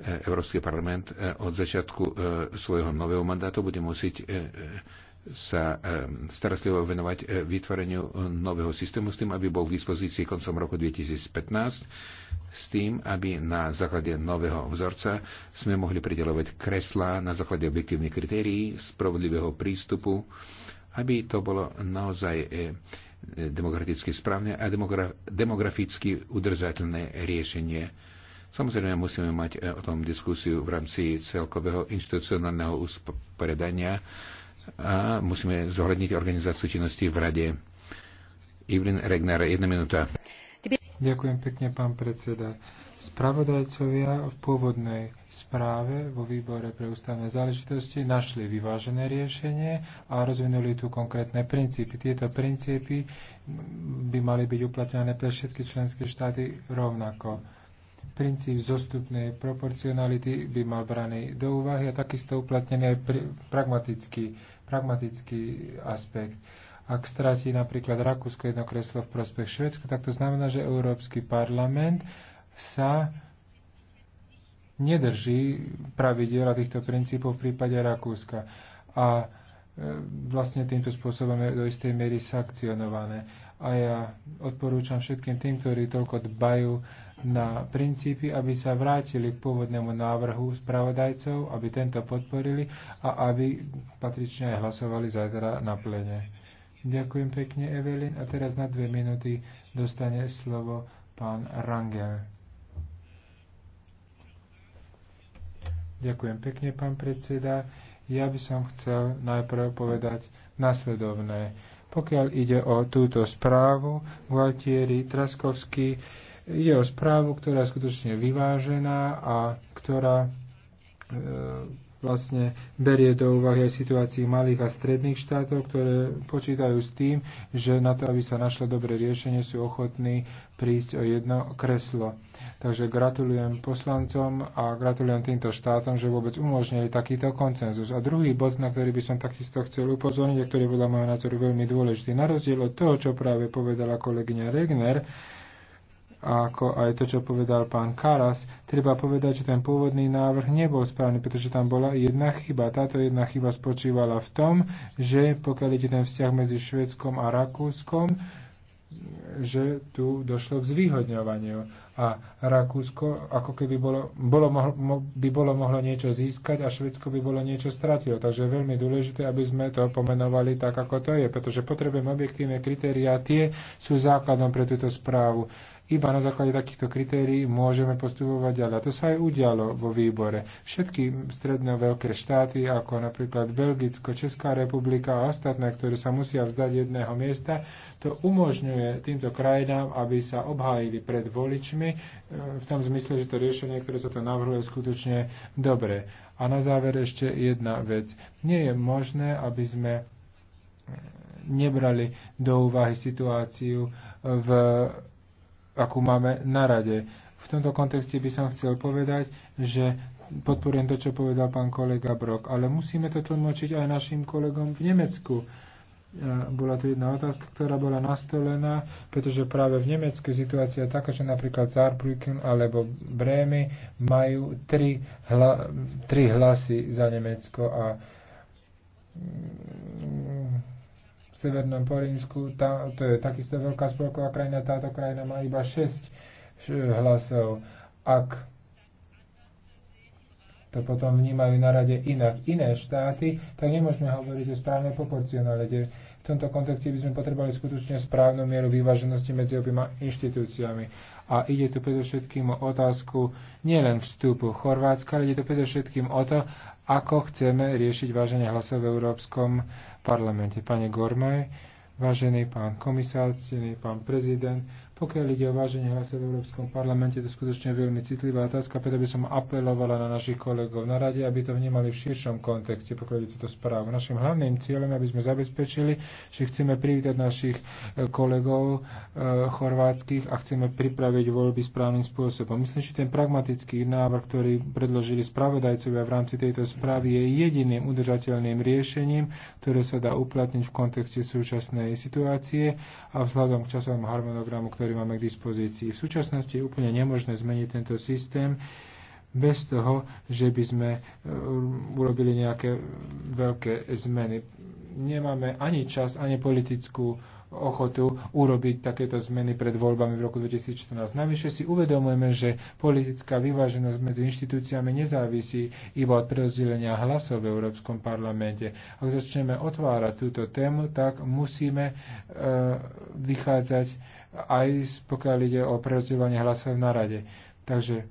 E, Európsky parlament e, od začiatku e, svojho nového mandátu bude musieť sa starostlivo venovať vytvoreniu nového systému s tým, aby bol k dispozícii koncom roku 2015, s tým, aby na základe nového vzorca sme mohli pridelovať kresla na základe objektívnych kritérií, spravodlivého prístupu, aby to bolo naozaj demokraticky správne a demograficky udržateľné riešenie Samozrejme, musíme mať eh, o tom diskusiu v rámci celkového institucionálneho usporiadania a musíme zohľadniť organizáciu činnosti v Rade. Ivrin Regnare, jedna minúta. Ďakujem pekne, pán predseda. Spravodajcovia v pôvodnej správe vo výbore pre ústavné záležitosti našli vyvážené riešenie a rozvinuli tu konkrétne princípy. Tieto princípy by mali byť uplatňané pre všetky členské štáty rovnako princíp zostupnej proporcionality by mal braný do úvahy a takisto uplatnený aj pragmatický, pragmatický aspekt. Ak stratí napríklad Rakúsko jedno kreslo v prospech Švedska, tak to znamená, že Európsky parlament sa nedrží pravidel a týchto princípov v prípade Rakúska. A e, vlastne týmto spôsobom je do istej miery sankcionované a ja odporúčam všetkým tým, ktorí toľko dbajú na princípy, aby sa vrátili k pôvodnému návrhu spravodajcov, aby tento podporili a aby patrične aj hlasovali zajtra na plene. Ďakujem pekne, Evelyn. A teraz na dve minúty dostane slovo pán Rangel. Ďakujem pekne, pán predseda. Ja by som chcel najprv povedať nasledovné pokiaľ ide o túto správu, Gualtieri Traskovský, ide o správu, ktorá je skutočne vyvážená a ktorá e, vlastne berie do úvahy aj situácii malých a stredných štátov, ktoré počítajú s tým, že na to, aby sa našlo dobré riešenie, sú ochotní prísť o jedno kreslo. Takže gratulujem poslancom a gratulujem týmto štátom, že vôbec umožnili takýto koncenzus. A druhý bod, na ktorý by som takisto chcel upozorniť, a ktorý je podľa môjho názoru veľmi dôležitý, na rozdiel od toho, čo práve povedala kolegyňa Regner, ako aj to, čo povedal pán Karas, treba povedať, že ten pôvodný návrh nebol správny, pretože tam bola jedna chyba. Táto jedna chyba spočívala v tom, že pokiaľ ide ten vzťah medzi Švedskom a Rakúskom, že tu došlo k zvýhodňovaniu a Rakúsko ako keby bolo, bolo mohlo, mo, by bolo mohlo niečo získať a Švedsko by bolo niečo stratilo. Takže je veľmi dôležité, aby sme to pomenovali tak, ako to je, pretože potrebujeme objektívne kritériá, tie sú základom pre túto správu. Iba na základe takýchto kritérií môžeme postupovať ďalej. A to sa aj udialo vo výbore. Všetky stredné veľké štáty, ako napríklad Belgicko, Česká republika a ostatné, ktoré sa musia vzdať jedného miesta, to umožňuje týmto krajinám, aby sa obhájili pred voličmi e, v tom zmysle, že to riešenie, ktoré sa to navrhuje, skutočne dobre. A na záver ešte jedna vec. Nie je možné, aby sme nebrali do úvahy situáciu v akú máme na rade. V tomto kontexte by som chcel povedať, že podporujem to, čo povedal pán kolega Brok, ale musíme to tlmočiť aj našim kolegom v Nemecku. E, bola tu jedna otázka, ktorá bola nastolená, pretože práve v Nemecku situácia je taká, že napríklad Saarbrücken alebo Brémy majú tri, hla, tri hlasy za Nemecko a Severnom Porinsku, tá, to je takisto veľká spolková krajina, táto krajina má iba 6 hlasov. Ak to potom vnímajú na rade inak iné štáty, tak nemôžeme hovoriť o správnej proporcionalite. V tomto kontexte by sme potrebovali skutočne správnu mieru vyváženosti medzi obyma inštitúciami. A ide tu predovšetkým o otázku nielen vstupu Chorvátska, ale ide tu predovšetkým o to, ako chceme riešiť váženie hlasov v Európskom parlamente. Pane Gormaj, vážený pán komisár, cený pán prezident, pokiaľ ide o váženie hlasov v Európskom parlamente, to je skutočne veľmi citlivá otázka, preto by som apelovala na našich kolegov na rade, aby to vnímali v širšom kontexte, pokiaľ ide túto správu. Našim hlavným cieľom je, aby sme zabezpečili, že chceme privítať našich e, kolegov e, chorvátskych a chceme pripraviť voľby správnym spôsobom. Myslím, že ten pragmatický návrh, ktorý predložili spravodajcovia v rámci tejto správy, je jediným udržateľným riešením, ktoré sa dá uplatniť v kontexte súčasnej situácie a vzhľadom k časovému harmonogramu, ktorý ktorý máme k dispozícii. V súčasnosti je úplne nemožné zmeniť tento systém bez toho, že by sme e, urobili nejaké veľké zmeny. Nemáme ani čas, ani politickú ochotu urobiť takéto zmeny pred voľbami v roku 2014. Navyše si uvedomujeme, že politická vyváženosť medzi inštitúciami nezávisí iba od prerozdelenia hlasov v Európskom parlamente. Ak začneme otvárať túto tému, tak musíme e, vychádzať aj pokiaľ ide o prerozdielovanie hlasov na rade. Takže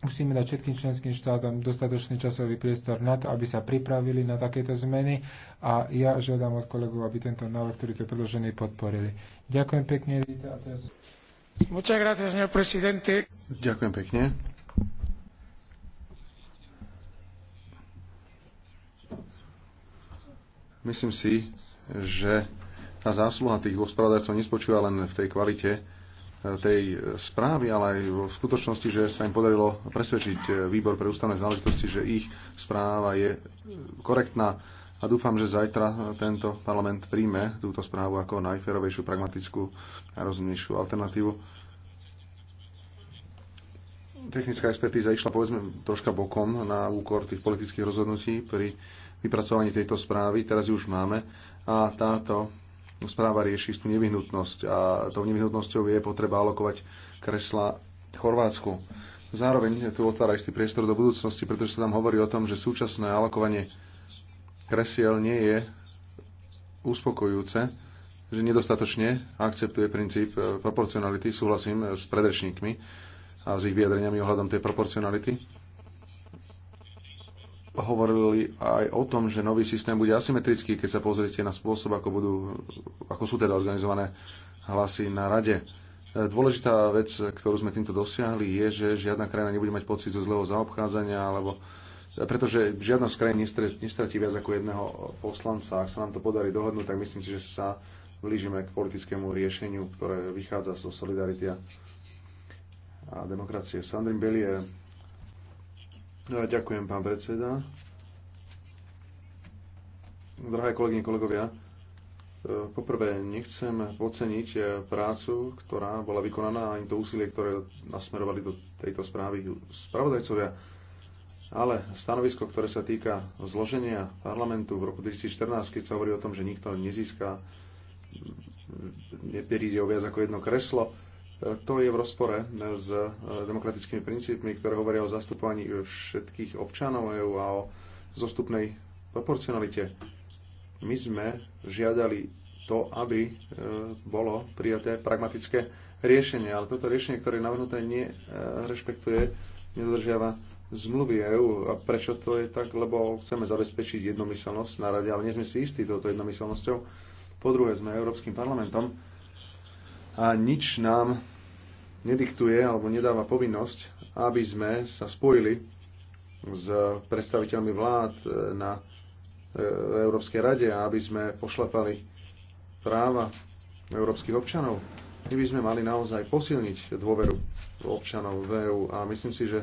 musíme dať všetkým členským štátom dostatočný časový priestor na to, aby sa pripravili na takéto zmeny a ja žiadam od kolegov, aby tento návrh, ktorý tu je predložený, podporili. Ďakujem pekne, Muchas gracias, señor presidente. Ďakujem pekne. Myslím si, že tá zásluha tých hospodárcov spravodajcov nespočíva len v tej kvalite e, tej e, správy, ale aj v skutočnosti, že sa im podarilo presvedčiť e, výbor pre ústavné záležitosti, že ich správa je korektná a dúfam, že zajtra tento parlament príjme túto správu ako najférovejšiu, pragmatickú a rozumnejšiu alternatívu. Technická expertíza išla povedzme troška bokom na úkor tých politických rozhodnutí pri vypracovaní tejto správy. Teraz ju už máme a táto No správa rieši tú nevyhnutnosť a tou nevyhnutnosťou je potreba alokovať kresla Chorvátsku. Zároveň tu otvára istý priestor do budúcnosti, pretože sa tam hovorí o tom, že súčasné alokovanie kresiel nie je uspokojujúce, že nedostatočne akceptuje princíp e, proporcionality, súhlasím s predrečníkmi a s ich vyjadreniami ohľadom tej proporcionality hovorili aj o tom, že nový systém bude asymetrický, keď sa pozriete na spôsob, ako, budú, ako sú teda organizované hlasy na rade. Dôležitá vec, ktorú sme týmto dosiahli, je, že žiadna krajina nebude mať pocit zo zlého zaobchádzania, alebo pretože žiadna z krajín nestratí viac ako jedného poslanca. Ak sa nám to podarí dohodnúť, tak myslím si, že sa blížime k politickému riešeniu, ktoré vychádza zo solidarity a demokracie. Sandrin Bellier ja, no ďakujem, pán predseda. Drahé kolegyne, kolegovia, poprvé nechcem oceniť prácu, ktorá bola vykonaná ani to úsilie, ktoré nasmerovali do tejto správy spravodajcovia, ale stanovisko, ktoré sa týka zloženia parlamentu v roku 2014, keď sa hovorí o tom, že nikto nezíska, nepríde o viac ako jedno kreslo, to je v rozpore s eh, demokratickými princípmi, ktoré hovoria o zastupovaní všetkých občanov EÚ a o zostupnej proporcionalite. My sme žiadali to, aby eh, bolo prijaté pragmatické riešenie, ale toto riešenie, ktoré je navrhnuté, nerešpektuje, eh, nedodržiava zmluvy EÚ. A prečo to je tak? Lebo chceme zabezpečiť jednomyselnosť na rade, ale nie sme si istí touto jednomyselnosťou. Po druhé, sme Európskym parlamentom a nič nám nediktuje alebo nedáva povinnosť, aby sme sa spojili s predstaviteľmi vlád e, na e, Európskej rade a aby sme pošlapali práva európskych občanov. My by sme mali naozaj posilniť dôveru občanov v EÚ a myslím si, že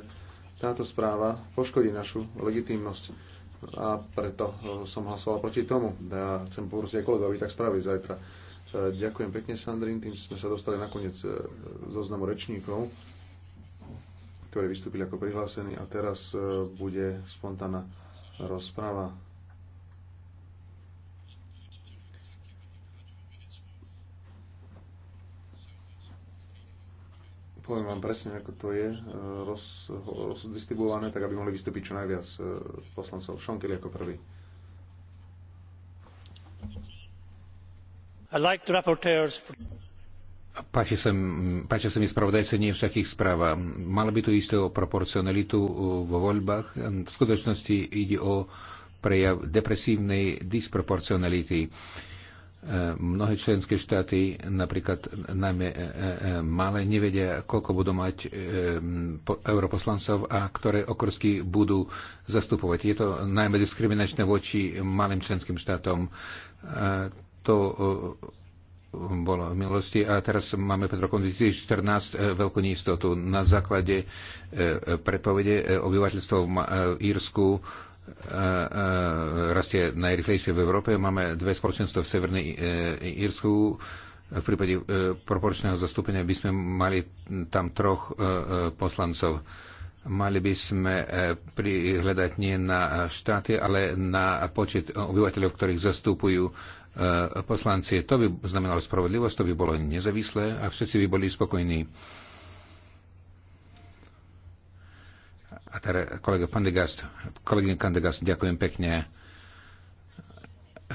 táto správa poškodí našu legitímnosť a preto e, som hlasoval proti tomu. Ja chcem poprosiť aj kolegovi tak spraviť zajtra. Ďakujem pekne, Sandrin. Tým sme sa dostali nakoniec e, zoznamu rečníkov, ktorí vystúpili ako prihlásení a teraz e, bude spontánna rozpráva. poviem vám presne, ako to je e, roz, rozdistribuované, tak aby mohli vystúpiť čo najviac poslancov. Šonkeli ako prvý. Like rapporteurs... Páči sa, páči sa mi spravodajcenie však ich správa. Mala by tu ísť o proporcionalitu e, vo voľbách. V skutočnosti ide o prejav depresívnej disproporcionality. E, mnohé členské štáty, napríklad najmä e, malé, nevedia, koľko budú mať europoslancov a ktoré okrsky budú zastupovať. Je to najmä diskriminačné voči malým členským štátom to eh, bolo v milosti. a teraz máme pred rokom 2014 eh, veľkú neistotu. Na základe eh, predpovede obyvateľstva v Írsku rastie najrychlejšie v Európe. Máme dve spoločenstva v Severnej Írsku. V prípade proporčného zastúpenia by sme mali tam troch poslancov. Mali by sme prihľadať nie na štáty, ale na počet obyvateľov, ktorých zastupujú E, poslanci. To by znamenalo spravodlivosť, to by bolo nezávislé a všetci by boli spokojní. A teda kolega Pandegast, kolegyne Pandegast, ďakujem pekne.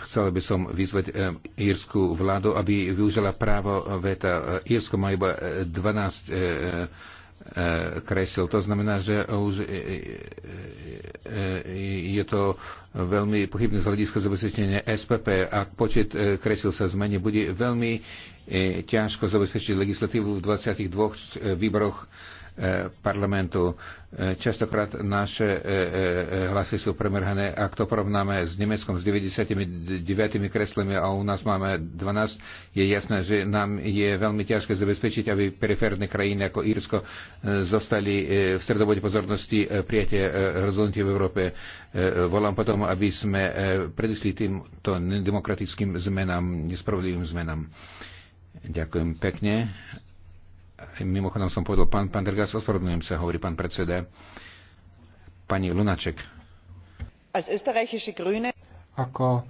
Chcel by som vyzvať e, írsku vládu, aby využila právo veta. E, Írsko má iba 12 kresel. To znamená, že už e, e, e, je to veľmi pochybné z hľadiska zabezpečenia SPP. Ak počet kresel sa zmení, bude veľmi ťažko zabezpečiť legislatívu v 22 výboroch E, parlamentu. E, častokrát naše e, hlasy sú premerhané. Ak to porovnáme s Nemeckom s 99 kreslami a u nás máme 12, je jasné, že nám je veľmi ťažké zabezpečiť, aby periférne krajiny ako Írsko zostali v stredobode pozornosti prijatie rozhodnutí v Európe. Volám potom, aby sme predišli týmto nedemokratickým zmenám, nespravodlivým zmenám. Ďakujem pekne mimochodom som povedal, pán Pandergas, ospravedlňujem sa, hovorí pán predseda, pani Lunaček. Ako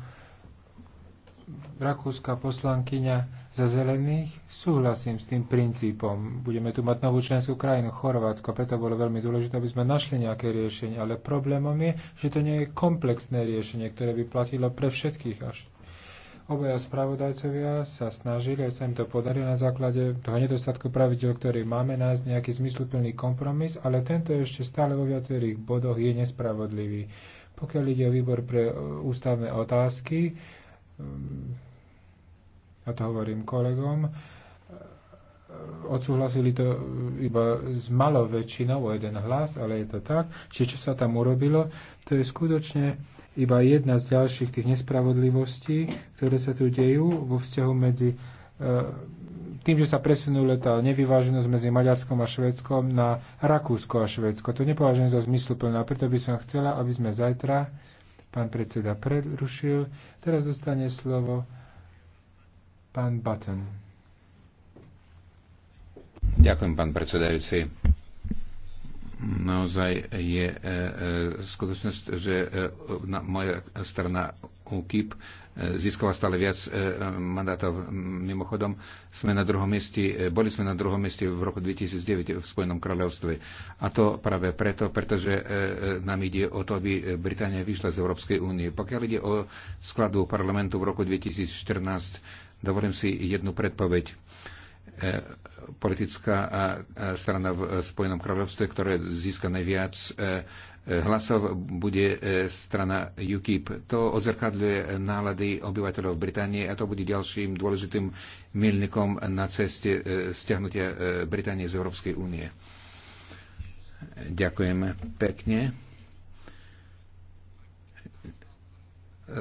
rakúska poslankyňa za zelených súhlasím s tým princípom. Budeme tu mať novú členskú krajinu, Chorvátsko, preto bolo veľmi dôležité, aby sme našli nejaké riešenie, ale problémom je, že to nie je komplexné riešenie, ktoré by platilo pre všetkých až Obaja spravodajcovia sa snažili, aj sa im to podarilo na základe toho nedostatku pravidel, ktorý máme, nájsť nejaký zmysluplný kompromis, ale tento ešte stále vo viacerých bodoch je nespravodlivý. Pokiaľ ide o výbor pre e, ústavné otázky, e, ja to hovorím kolegom, e, odsúhlasili to iba s malou väčšinou o jeden hlas, ale je to tak. Čiže čo sa tam urobilo, to je skutočne iba jedna z ďalších tých nespravodlivostí, ktoré sa tu dejú vo vzťahu medzi eh, tým, že sa presunula tá nevyváženosť medzi Maďarskom a Švedskom na Rakúsko a Švedsko. To nepovažujem za zmysluplné a preto by som chcela, aby sme zajtra, pán predseda prerušil, teraz dostane slovo pán Button. Ďakujem, pán predsedajúci naozaj je e, e, skutočnosť, že e, moja strana UKIP získala stále viac mandátov. Mimochodom, sme na druhom mieste, boli sme na druhom mieste v roku 2009 v Spojenom kráľovstve. A to práve preto, pretože nám ide o to, aby Británia vyšla z Európskej únie. Pokiaľ ide o skladu parlamentu v roku 2014, dovolím si jednu predpoveď Eh, politická strana v eh, Spojenom kráľovstve, ktorá získa najviac eh, hlasov, bude strana UKIP. To odzrkadľuje nálady obyvateľov Británie a to bude ďalším dôležitým milníkom na ceste stiahnutia Británie z Európskej únie. Ďakujem pekne.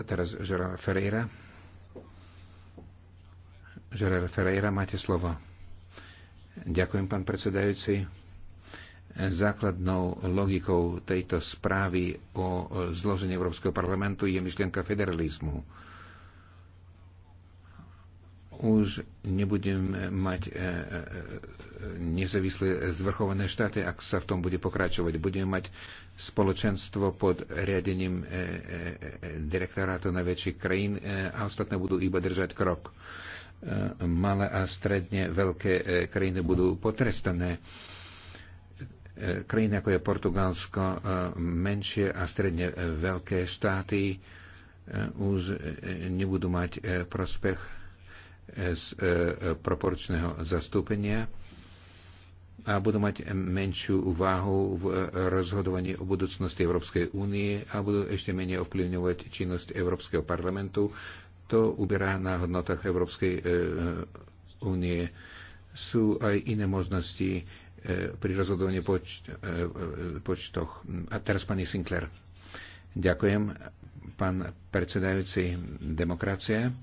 Teraz Gerard Ferreira. Žerer Ferreira, máte slovo. Ďakujem, pán predsedajúci. Základnou logikou tejto správy o zložení Európskeho parlamentu je myšlienka federalizmu. Už nebudem mať e, e, nezávislé zvrchované štáty, ak sa v tom bude pokračovať. Budeme mať spoločenstvo pod riadením e, direktorátu najväčších krajín a ostatné budú iba držať krok malé a stredne veľké e, krajiny budú potrestané. E, krajiny ako je Portugalsko, e, menšie a stredne veľké štáty už nebudú mať prospech z proporčného zastúpenia a budú mať menšiu váhu v rozhodovaní o budúcnosti Európskej únie a budú ešte menej ovplyvňovať činnosť Európskeho parlamentu, to uberá na hodnotách Európskej e, e, únie. Sú aj iné možnosti e, pri rozhodovaní poč- počtoch. A teraz pani Sinclair. Ďakujem, pán predsedajúci. Demokracia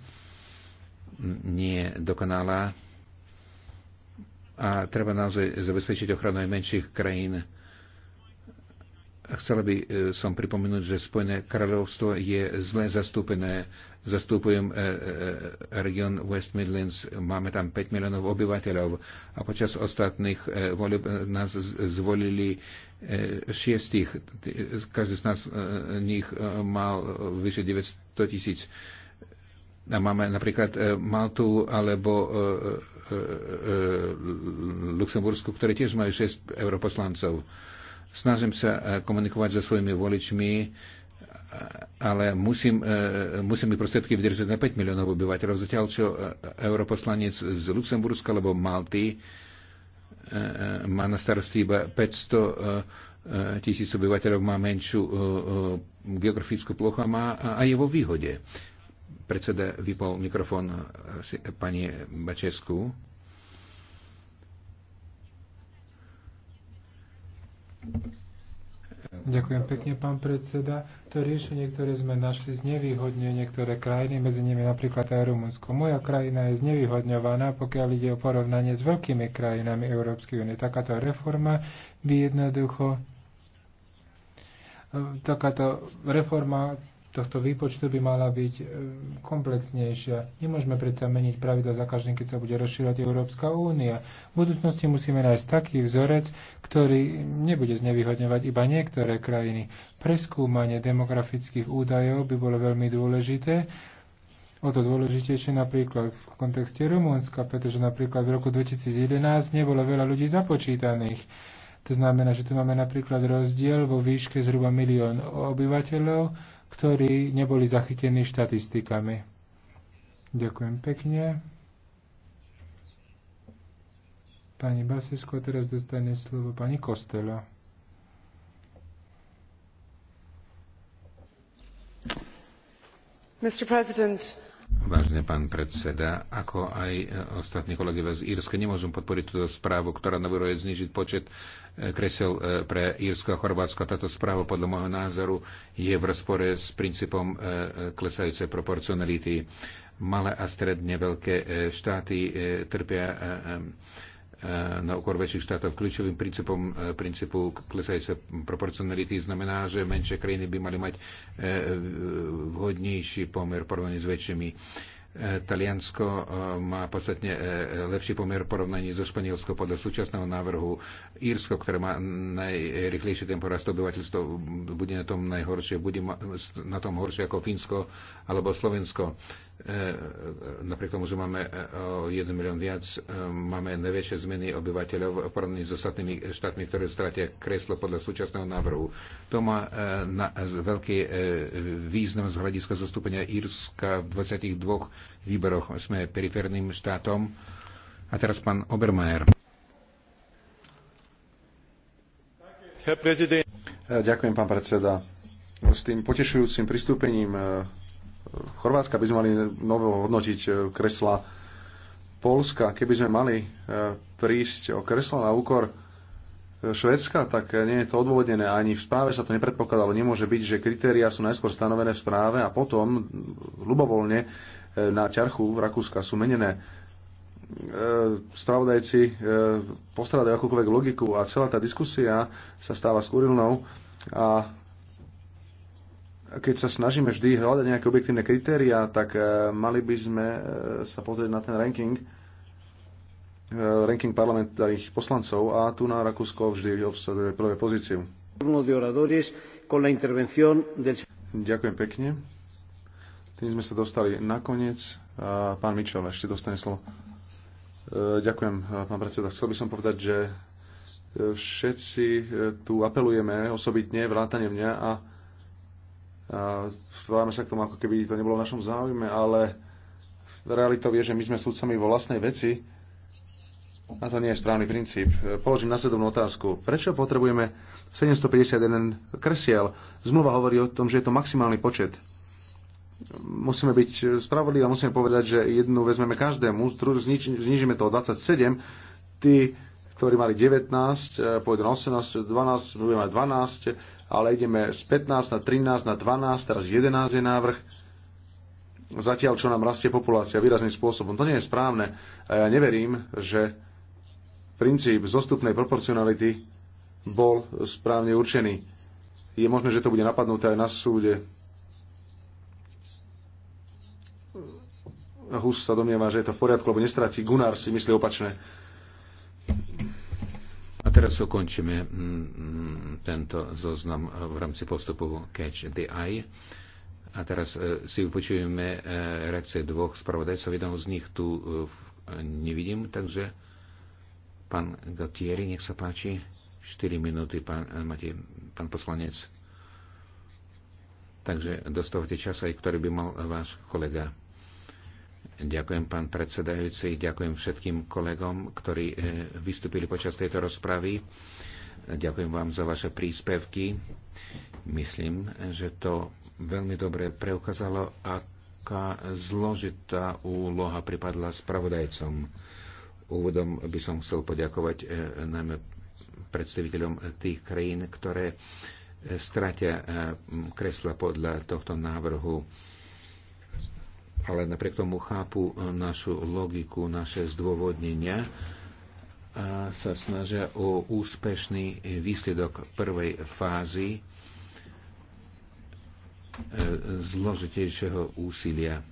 nie dokonalá a treba naozaj zabezpečiť ochranu aj menších krajín Chcela by e, som pripomenúť, že Spojené kráľovstvo je zle zastúpené. Zastupujem e, e, region West Midlands, máme tam 5 miliónov obyvateľov a počas ostatných volieb nás zvolili šiestich. Každý z nás nich mal vyše 900 tisíc. A máme napríklad Maltu alebo Luxembursku, ktoré tiež majú 6 europoslancov. Snažím sa eh, komunikovať so svojimi voličmi, eh, ale musím, eh, musím mi prostriedky vydržať na 5 miliónov obyvateľov. Zatiaľ, čo europoslanec z Luxemburska alebo Malty má na starosti iba 500 tisíc obyvateľov, má menšiu geografickú plochu a, má, a je vo výhode. Predseda vypol mikrofón pani Bačesku. Ďakujem pekne, pán predseda. To riešenie, ktoré sme našli, znevýhodňuje niektoré krajiny, medzi nimi napríklad aj Rumunsko. Moja krajina je znevýhodňovaná, pokiaľ ide o porovnanie s veľkými krajinami Európskej únie. Takáto reforma by jednoducho takáto reforma tohto výpočtu by mala byť e, komplexnejšia. Nemôžeme predsa meniť pravidla za každým, keď sa bude rozšírať Európska únia. V budúcnosti musíme nájsť taký vzorec, ktorý nebude znevýhodňovať iba niektoré krajiny. Preskúmanie demografických údajov by bolo veľmi dôležité, O to dôležitejšie napríklad v kontexte Rumunska, pretože napríklad v roku 2011 nebolo veľa ľudí započítaných. To znamená, že tu máme napríklad rozdiel vo výške zhruba milión obyvateľov ktorí neboli zachytení štatistikami. Ďakujem pekne. Pani Basisko teraz dostane slovo pani Kostela. Mr. President, Vážne pán predseda, ako aj ostatní kolegovia z Írska, nemôžem podporiť túto správu, ktorá navrhuje znižiť počet kresel e, pre Írsko a Chorvátsko. Táto správa podľa môjho názoru je v rozpore s princípom e, e, klesajúcej proporcionality. Malé a stredne veľké štáty trpia na úkor väčších štátov. Kľúčovým princípom princípu klesajúcej proporcionality znamená, že menšie krajiny by mali mať vhodnejší pomer porovnaní s väčšími Taliansko e, má podstatne e, lepší pomer v porovnaní so Španielskou podľa súčasného návrhu. Írsko, ktoré má najrychlejšie tempo rastu obyvateľstva, bude na tom najhoršie, bude na tom horšie ako Fínsko alebo Slovensko. E, e, napriek tomu, že máme e, o 1 milión viac, máme najväčšie zmeny obyvateľov v porovnaní s ostatnými štátmi, ktoré stratia kreslo podľa súčasného návrhu. To má na veľký význam z hľadiska zastúpenia Írska v 22 výboroch. Sme periférnym štátom. A teraz pán Obermajer. Ďakujem, pán predseda. S tým potešujúcim pristúpením Chorvátska by sme mali novo hodnotiť e, kresla Polska. Keby sme mali e, prísť o kreslo na úkor e, Švedska, tak nie je to odôvodnené. Ani v správe sa to nepredpokladalo. Nemôže byť, že kritéria sú najskôr stanovené v správe a potom ľubovoľne na ťarchu Rakúska sú menené. Spravodajci postradajú akúkoľvek logiku a celá tá diskusia sa stáva skurilnou a keď sa snažíme vždy hľadať nejaké objektívne kritériá, tak e, mali by sme e, sa pozrieť na ten ranking, e, ranking parlamentárnych poslancov a tu na Rakúsko vždy obsahuje prvé pozíciu. Ďakujem pekne. Tým sme sa dostali nakoniec. Pán Mičel ešte dostane slovo. Ďakujem, pán predseda. Chcel by som povedať, že všetci tu apelujeme osobitne, vrátane mňa a Správame sa k tomu, ako keby to nebolo v našom záujme, ale realitou je, že my sme súdcami vo vlastnej veci a to nie je správny princíp. Položím následovnú otázku. Prečo potrebujeme 751 kresiel? Zmluva hovorí o tom, že je to maximálny počet musíme byť spravodliví a musíme povedať, že jednu vezmeme každému, znižíme to o 27, tí ktorí mali 19, e, pôjdu 18, 12, budeme mať 12, ale ideme z 15 na 13 na 12, teraz 11 je návrh. Zatiaľ, čo nám rastie populácia výrazným spôsobom. To nie je správne. A ja neverím, že princíp zostupnej proporcionality bol správne určený. Je možné, že to bude napadnuté aj na súde. Hus sa domnieva, že je to v poriadku, lebo nestratí. Gunár si myslí opačné. Teraz ukončíme mm, mm, tento zoznam eh, v rámci postupu Catch the Eye. A teraz eh, si vypočujeme eh, reakcie dvoch spravodajcov. Jedného z nich tu nevidím, takže pán Gautieri, nech sa páči. 4 minúty, pán, máte, pán poslanec. Takže dostávate čas aj, ktorý by mal váš kolega. Ďakujem, pán predsedajúci, ďakujem všetkým kolegom, ktorí e, vystúpili počas tejto rozpravy. Ďakujem vám za vaše príspevky. Myslím, že to veľmi dobre preukázalo, aká zložitá úloha pripadla spravodajcom. Úvodom by som chcel poďakovať e, najmä predstaviteľom tých krajín, ktoré e, stratia kresla podľa tohto návrhu ale napriek tomu chápu e, našu logiku, naše zdôvodnenia a sa snažia o úspešný výsledok prvej fázy e, zložitejšieho úsilia.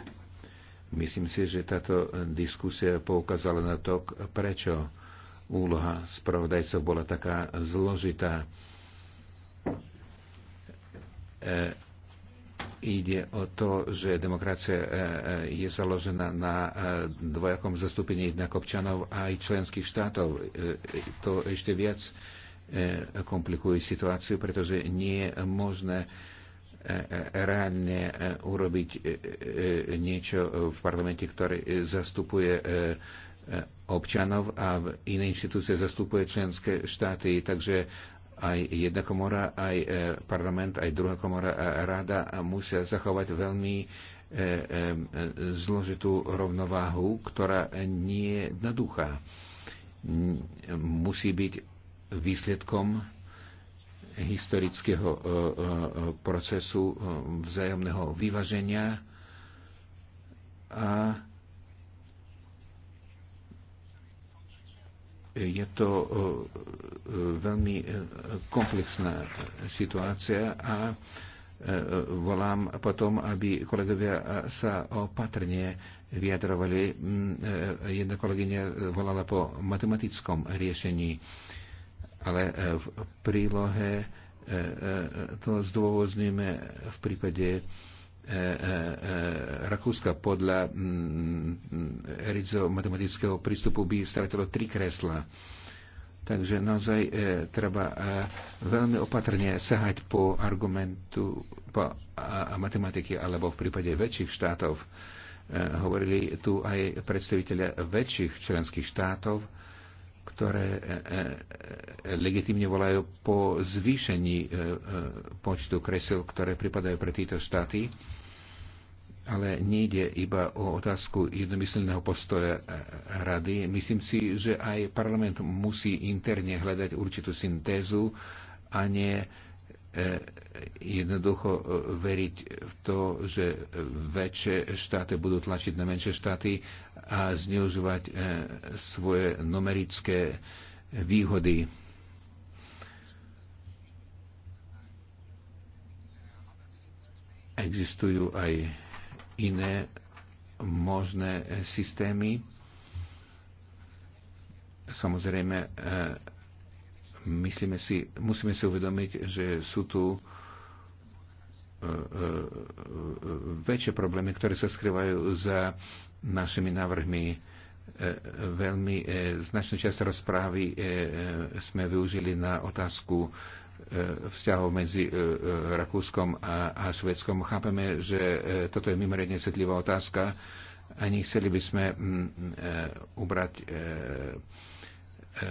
Myslím si, že táto diskusia poukázala na to, prečo úloha spravodajcov bola taká zložitá. E Ide o to, že demokracia e, e, je založená na e, dvojakom zastúpení jednak občanov a aj členských štátov. To ešte viac komplikuje situáciu, pretože nie je možné reálne urobiť niečo v parlamente, ktorý zastupuje občanov a v inej inštitúcie zastupuje členské štáty. Takže aj jedna komora, aj e, parlament, aj druhá komora a e, rada musia zachovať veľmi e, zložitú rovnováhu, ktorá nie je jednoduchá. Musí byť výsledkom historického procesu vzájomného vyvaženia a Je to e, e, veľmi e, komplexná situácia a volám potom, aby kolegovia sa opatrne vyjadrovali. Jedna kolegyňa volala po matematickom riešení, ale v prílohe to zdôvodňujeme v prípade E, e, e, Rakúska podľa mm, mm, rizo-matematického prístupu by stratilo tri kresla. Takže naozaj e, treba e, veľmi opatrne sahať po argumentu po, a, a matematiky, alebo v prípade väčších štátov. E, hovorili tu aj predstaviteľe väčších členských štátov, e, ktoré e, e, e, legitimne volajú po zvýšení počtu kresel, ktoré pripadajú pre tieto štáty, ale nejde iba o otázku jednomyselného postoja rady. Myslím si, že aj parlament musí interne hľadať určitú syntézu a nie E, jednoducho e, veriť v to, že väčšie štáty budú tlačiť na menšie štáty a zneužívať e, svoje numerické výhody. Existujú aj iné možné systémy. Samozrejme, Myslíme si, musíme si uvedomiť, že sú tu e, e, väčšie problémy, ktoré sa skrývajú za našimi návrhmi. E, veľmi značnú časť rozprávy sme využili na otázku vzťahov medzi Rakúskom a Švedskom. Chápeme, že toto je mimoriadne citlivá otázka a nechceli by sme mm, ubrať Eh,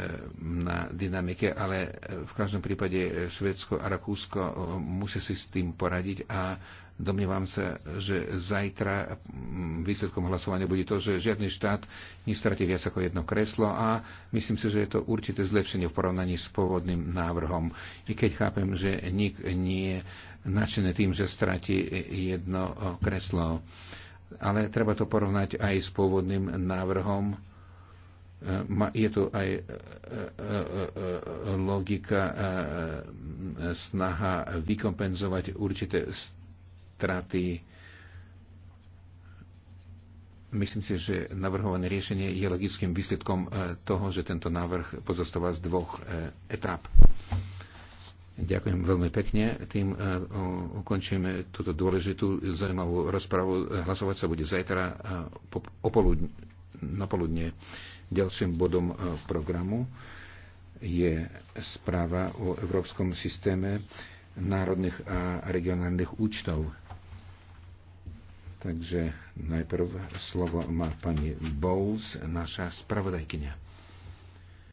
na dynamike, ale eh, v každom prípade eh, Švedsko a Rakúsko musia si s tým poradiť a domnievam sa, že zajtra mm, výsledkom hlasovania bude to, že žiadny štát nestratí viac ako jedno kreslo a myslím si, že je to určité zlepšenie v porovnaní s pôvodným návrhom. I keď chápem, že nik nie je nadšený tým, že stratí jedno kreslo. Ale treba to porovnať aj s pôvodným návrhom Eh, je tu aj eh, eh, logika snaha vykompenzovať určité straty. Myslím si, že navrhované riešenie je logickým výsledkom toho, že tento návrh pozostáva z dvoch etap. Ďakujem veľmi pekne. Tým ukončíme túto dôležitú zaujímavú rozpravu. Hlasovať sa bude zajtra po, opoludne, na poludne. Ďalším bodom e, programu je správa o Európskom systéme národných a regionálnych účtov. Takže najprv slovo má pani Bowles, naša spravodajkynia.